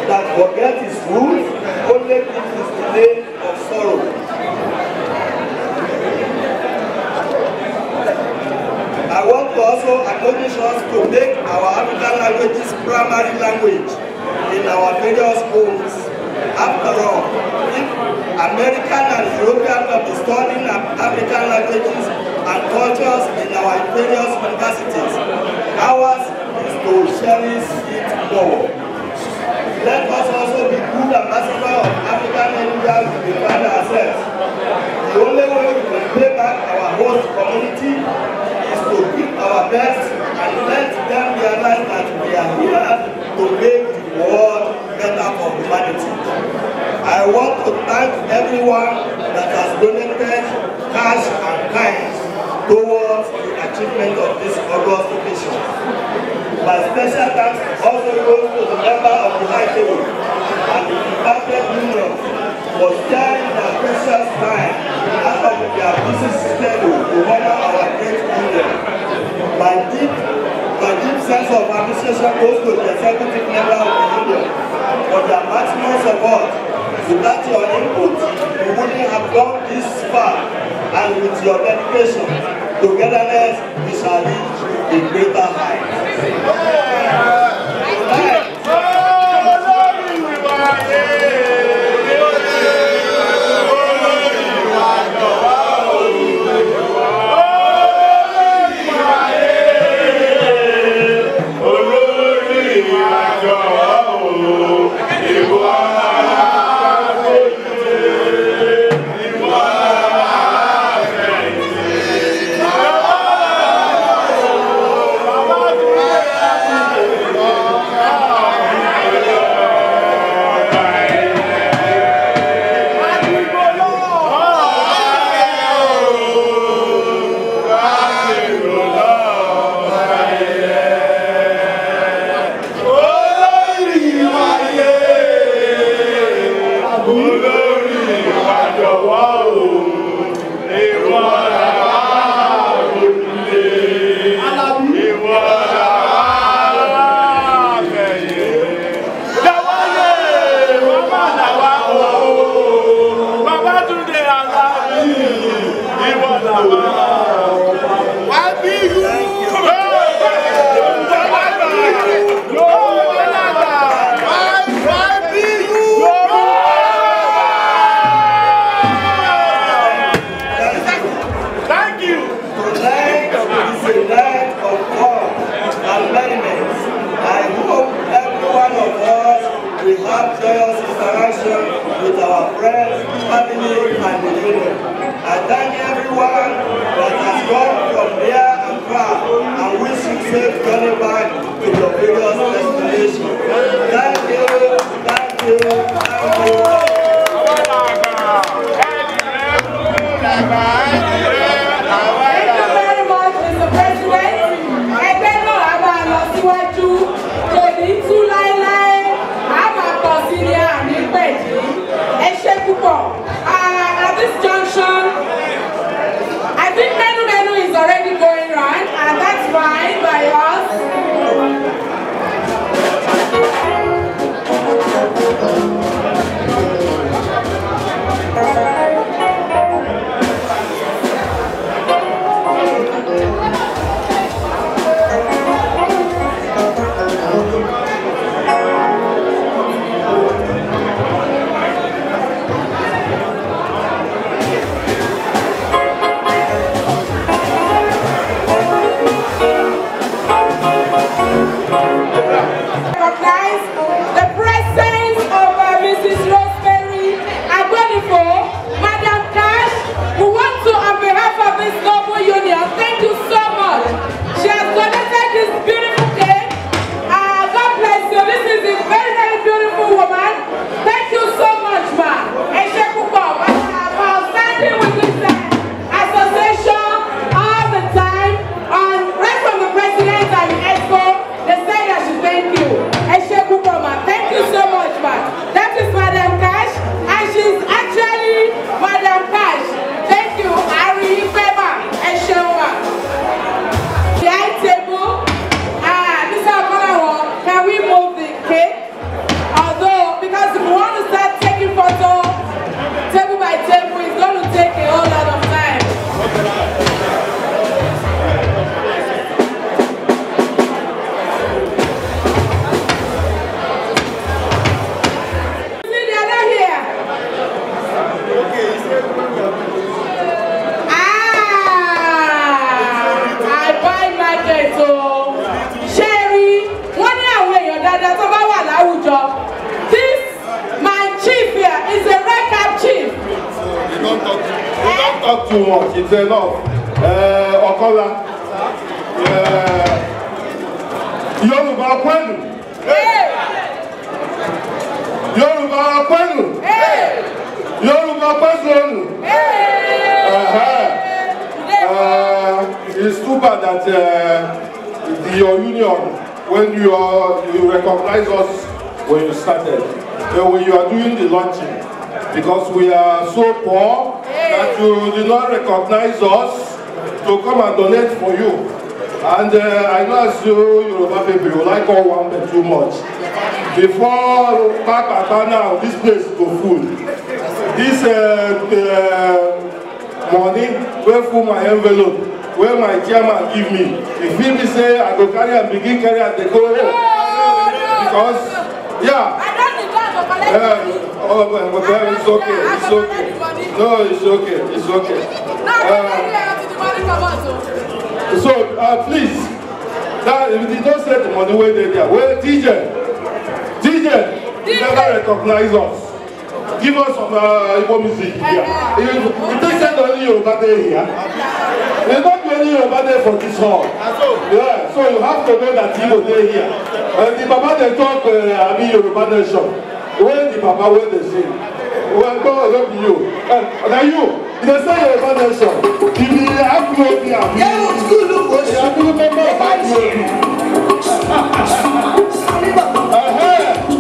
that forgets his roots only gives his today of sorrow. I want to also acknowledge us to make our African languages primary language in our various schools. After all, if American and European are studying African languages and cultures in our various universities, ours is to cherish it dọ̀wọ̀. Let us also be good ambassadors of African Indians to defend ourselves. The only way we can pay back our host community is to give our best and let them realize that we are here to make the world better for humanity. I want to thank everyone that has donated cash and kind towards the achievement of this August mission. My special thanks also goes to the member of the High Table and the Department Union for sharing their precious time out of their busy schedule to honor our great union. My deep, my deep sense of appreciation goes to the executive member of the union for their maximum support. Without your input, we wouldn't have gone this far, and with your dedication, togetherness, we shall reach in greater heights. I call one bed too much. Before back Papa now, this place go full. This uh, uh, morning, where full my envelope, where my chairman give me. If he be say I go carry and begin carry at the go home. Because, yeah. Uh, oh, but, but, but it's okay, it's okay. No, it's okay, it's okay. Uh, so, uh, please that if they don't say the money where they there wey dj dj never recognize us give us some uh, Igbo music here. Yeah. If, if they send only Yoruba day here, there's not be over there for this hall. Yeah, so you have to know that Igbo day here. When uh, the Baba they talk, uh, I mean Yoruba nation. Where the Baba where they sing, well, no, not you. Uh, now you they say Yorùbá nation ìdí àkúròbí àbí. yẹ́rù skulu kò sí. ìyàgbọ́n mẹ́mọ́ àkúròbí.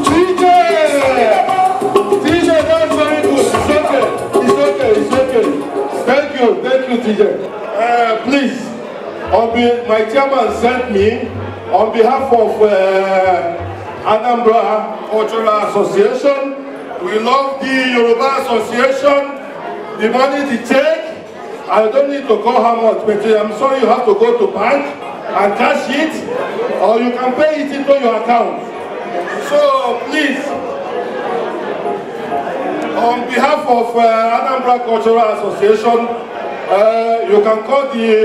TJ TJ that's very good it's okay it's okay it's okay thank you thank you TJ uh, please on be my chairman sent me on behalf of uh, Anambra Cultural Association we love the Yoruba Association. The money is the check. I don't need to call how much, but I'm sorry you have to go to bank and cash it, or you can pay it into your account. So please, on behalf of uh, Anambra Cultural Association, Uh, you can call the uh,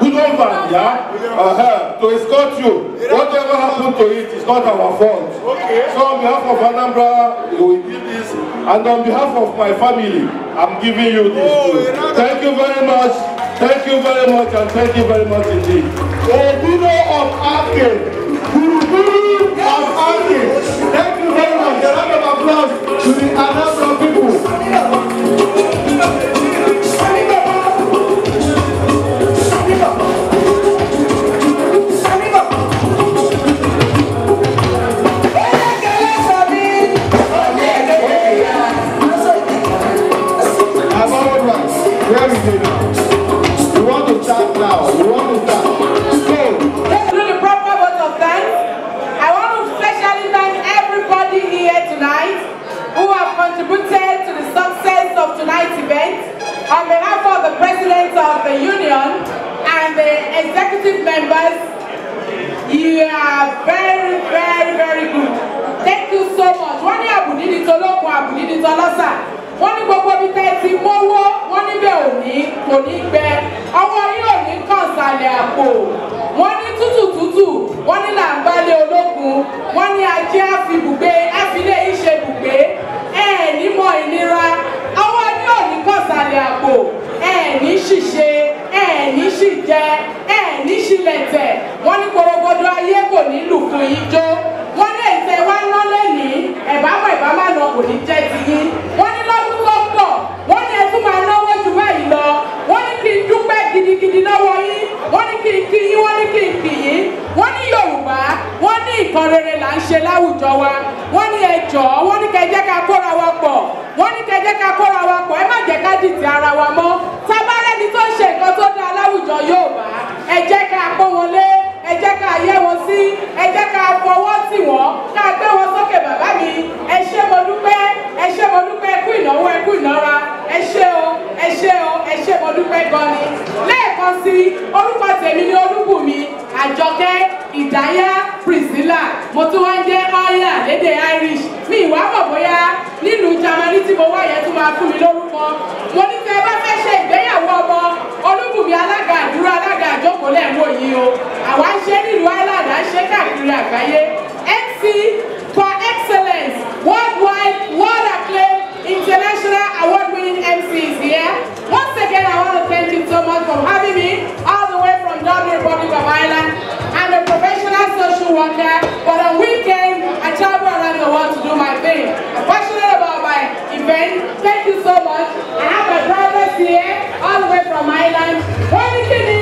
Budon van, yeah? Uh to escort you. Whatever happened to it is not our fault. Okay. So on behalf of Anambra, we did this. And on behalf of my family, I'm giving you this. Oh, thank you very much. Thank you very much and thank you very much indeed. Ogudo oh, of Ake. Guruguru of Ake. Thank you very much. A round of applause to the Anambra people. union and the executive members, you are very, very, very good. Thank you so much. Wọ́n ní àbùdí ni tolókun àbùdí ni tọlọ́sà. Wọ́n ní gbogbo ibi tẹ́ ti mówó, wọ́n níbẹ̀ ò ní kò ní gbẹ. Ọwọ́ yín ò ní kàn sàlẹ̀ àpò. Wọ́n ní tútù tútù, wọ́n ní làǹgbálé ológun. Wọ́n ní ajé àfibùgbé, àfilé ìṣe bùgbé. Ẹ̀ẹ́nì mọ ìnira. Ọwọ́ yín ò ní kàn sàlẹ̀ àpò. Ẹ̀ẹ́nì ṣìṣe jẹ ẹ ní ṣílẹ̀ tẹ̀ wọ́n ní korogodo ayé kò ní lù fún yín jó wọ́n ní ètè wá ná lẹ́nìí ẹ̀bámọ̀ ẹ̀bámọ̀ náà kò ní jẹ́ ti yín wọ́n ní lọ́dún tó ń bọ̀ wọ́n ní ẹtún máa náwó ju báyìí lọ wọ́n ní kí n dúpẹ́ gidigidi lọ́wọ́ yín wọ́n ní kí n kí yín wọ́n ní kí n kì yín wọ́n ní Yorùbá wọ́n ní ìkan rere là ń ṣe láwùjọ wa wọ́n ní ẹ jọ̀ọ́ ní kẹ́ ká kóra wa pọ̀ wọ́n ní kẹ́ ká kóra wa pọ̀ ẹ má jẹ́ ká dìtì ara wa mọ́ sábà ẹni tó ṣe nǹkan tó dá láwùjọ yóò bá ẹ jẹ́ ká pọ́n wọn lé ẹ jẹ́ ká yẹ́ wọn sí ẹ jẹ́ ká fọwọ́ tì wọ́n ká gbé wọn sókè bàbá mi ẹ ṣé mo dúpẹ́ ẹ ṣé mo dúpẹ́ ẹ kú ìnáwó ẹ kú ìnára ẹ ṣé o ẹ ṣé o ẹ ṣé mo dúpẹ́ gan ni lẹ́ẹ̀kan sí orúkọ tèmi ni Olúbùnmi Àjọkẹ́ ìdáyà priscilla mo tún wá ń jẹ́ aya lédè irish mi ìwà mọ̀ bóyá nínú germany tí mo wá yẹn tún máa fún mi lórúkọ mo ní tẹ bá fẹ́ ṣe ìgbéyàwó ọmọ olúbùnmi alága àdúrà alága àjókòó lẹ́ẹ̀mọ́ yìí o àwa ń ṣe nílùú ireland à ń ṣe káàkiri àgbáyé mc for excellence worldwide world acclaimed, international award winning mc is here once again i want to thank you so much for having me all the way from dublin republic of ireland. a professional social worker, but on weekends I travel around the world to do my thing. I'm passionate about my event. Thank you so much. I have my brothers here, all the way from Ireland. What is it?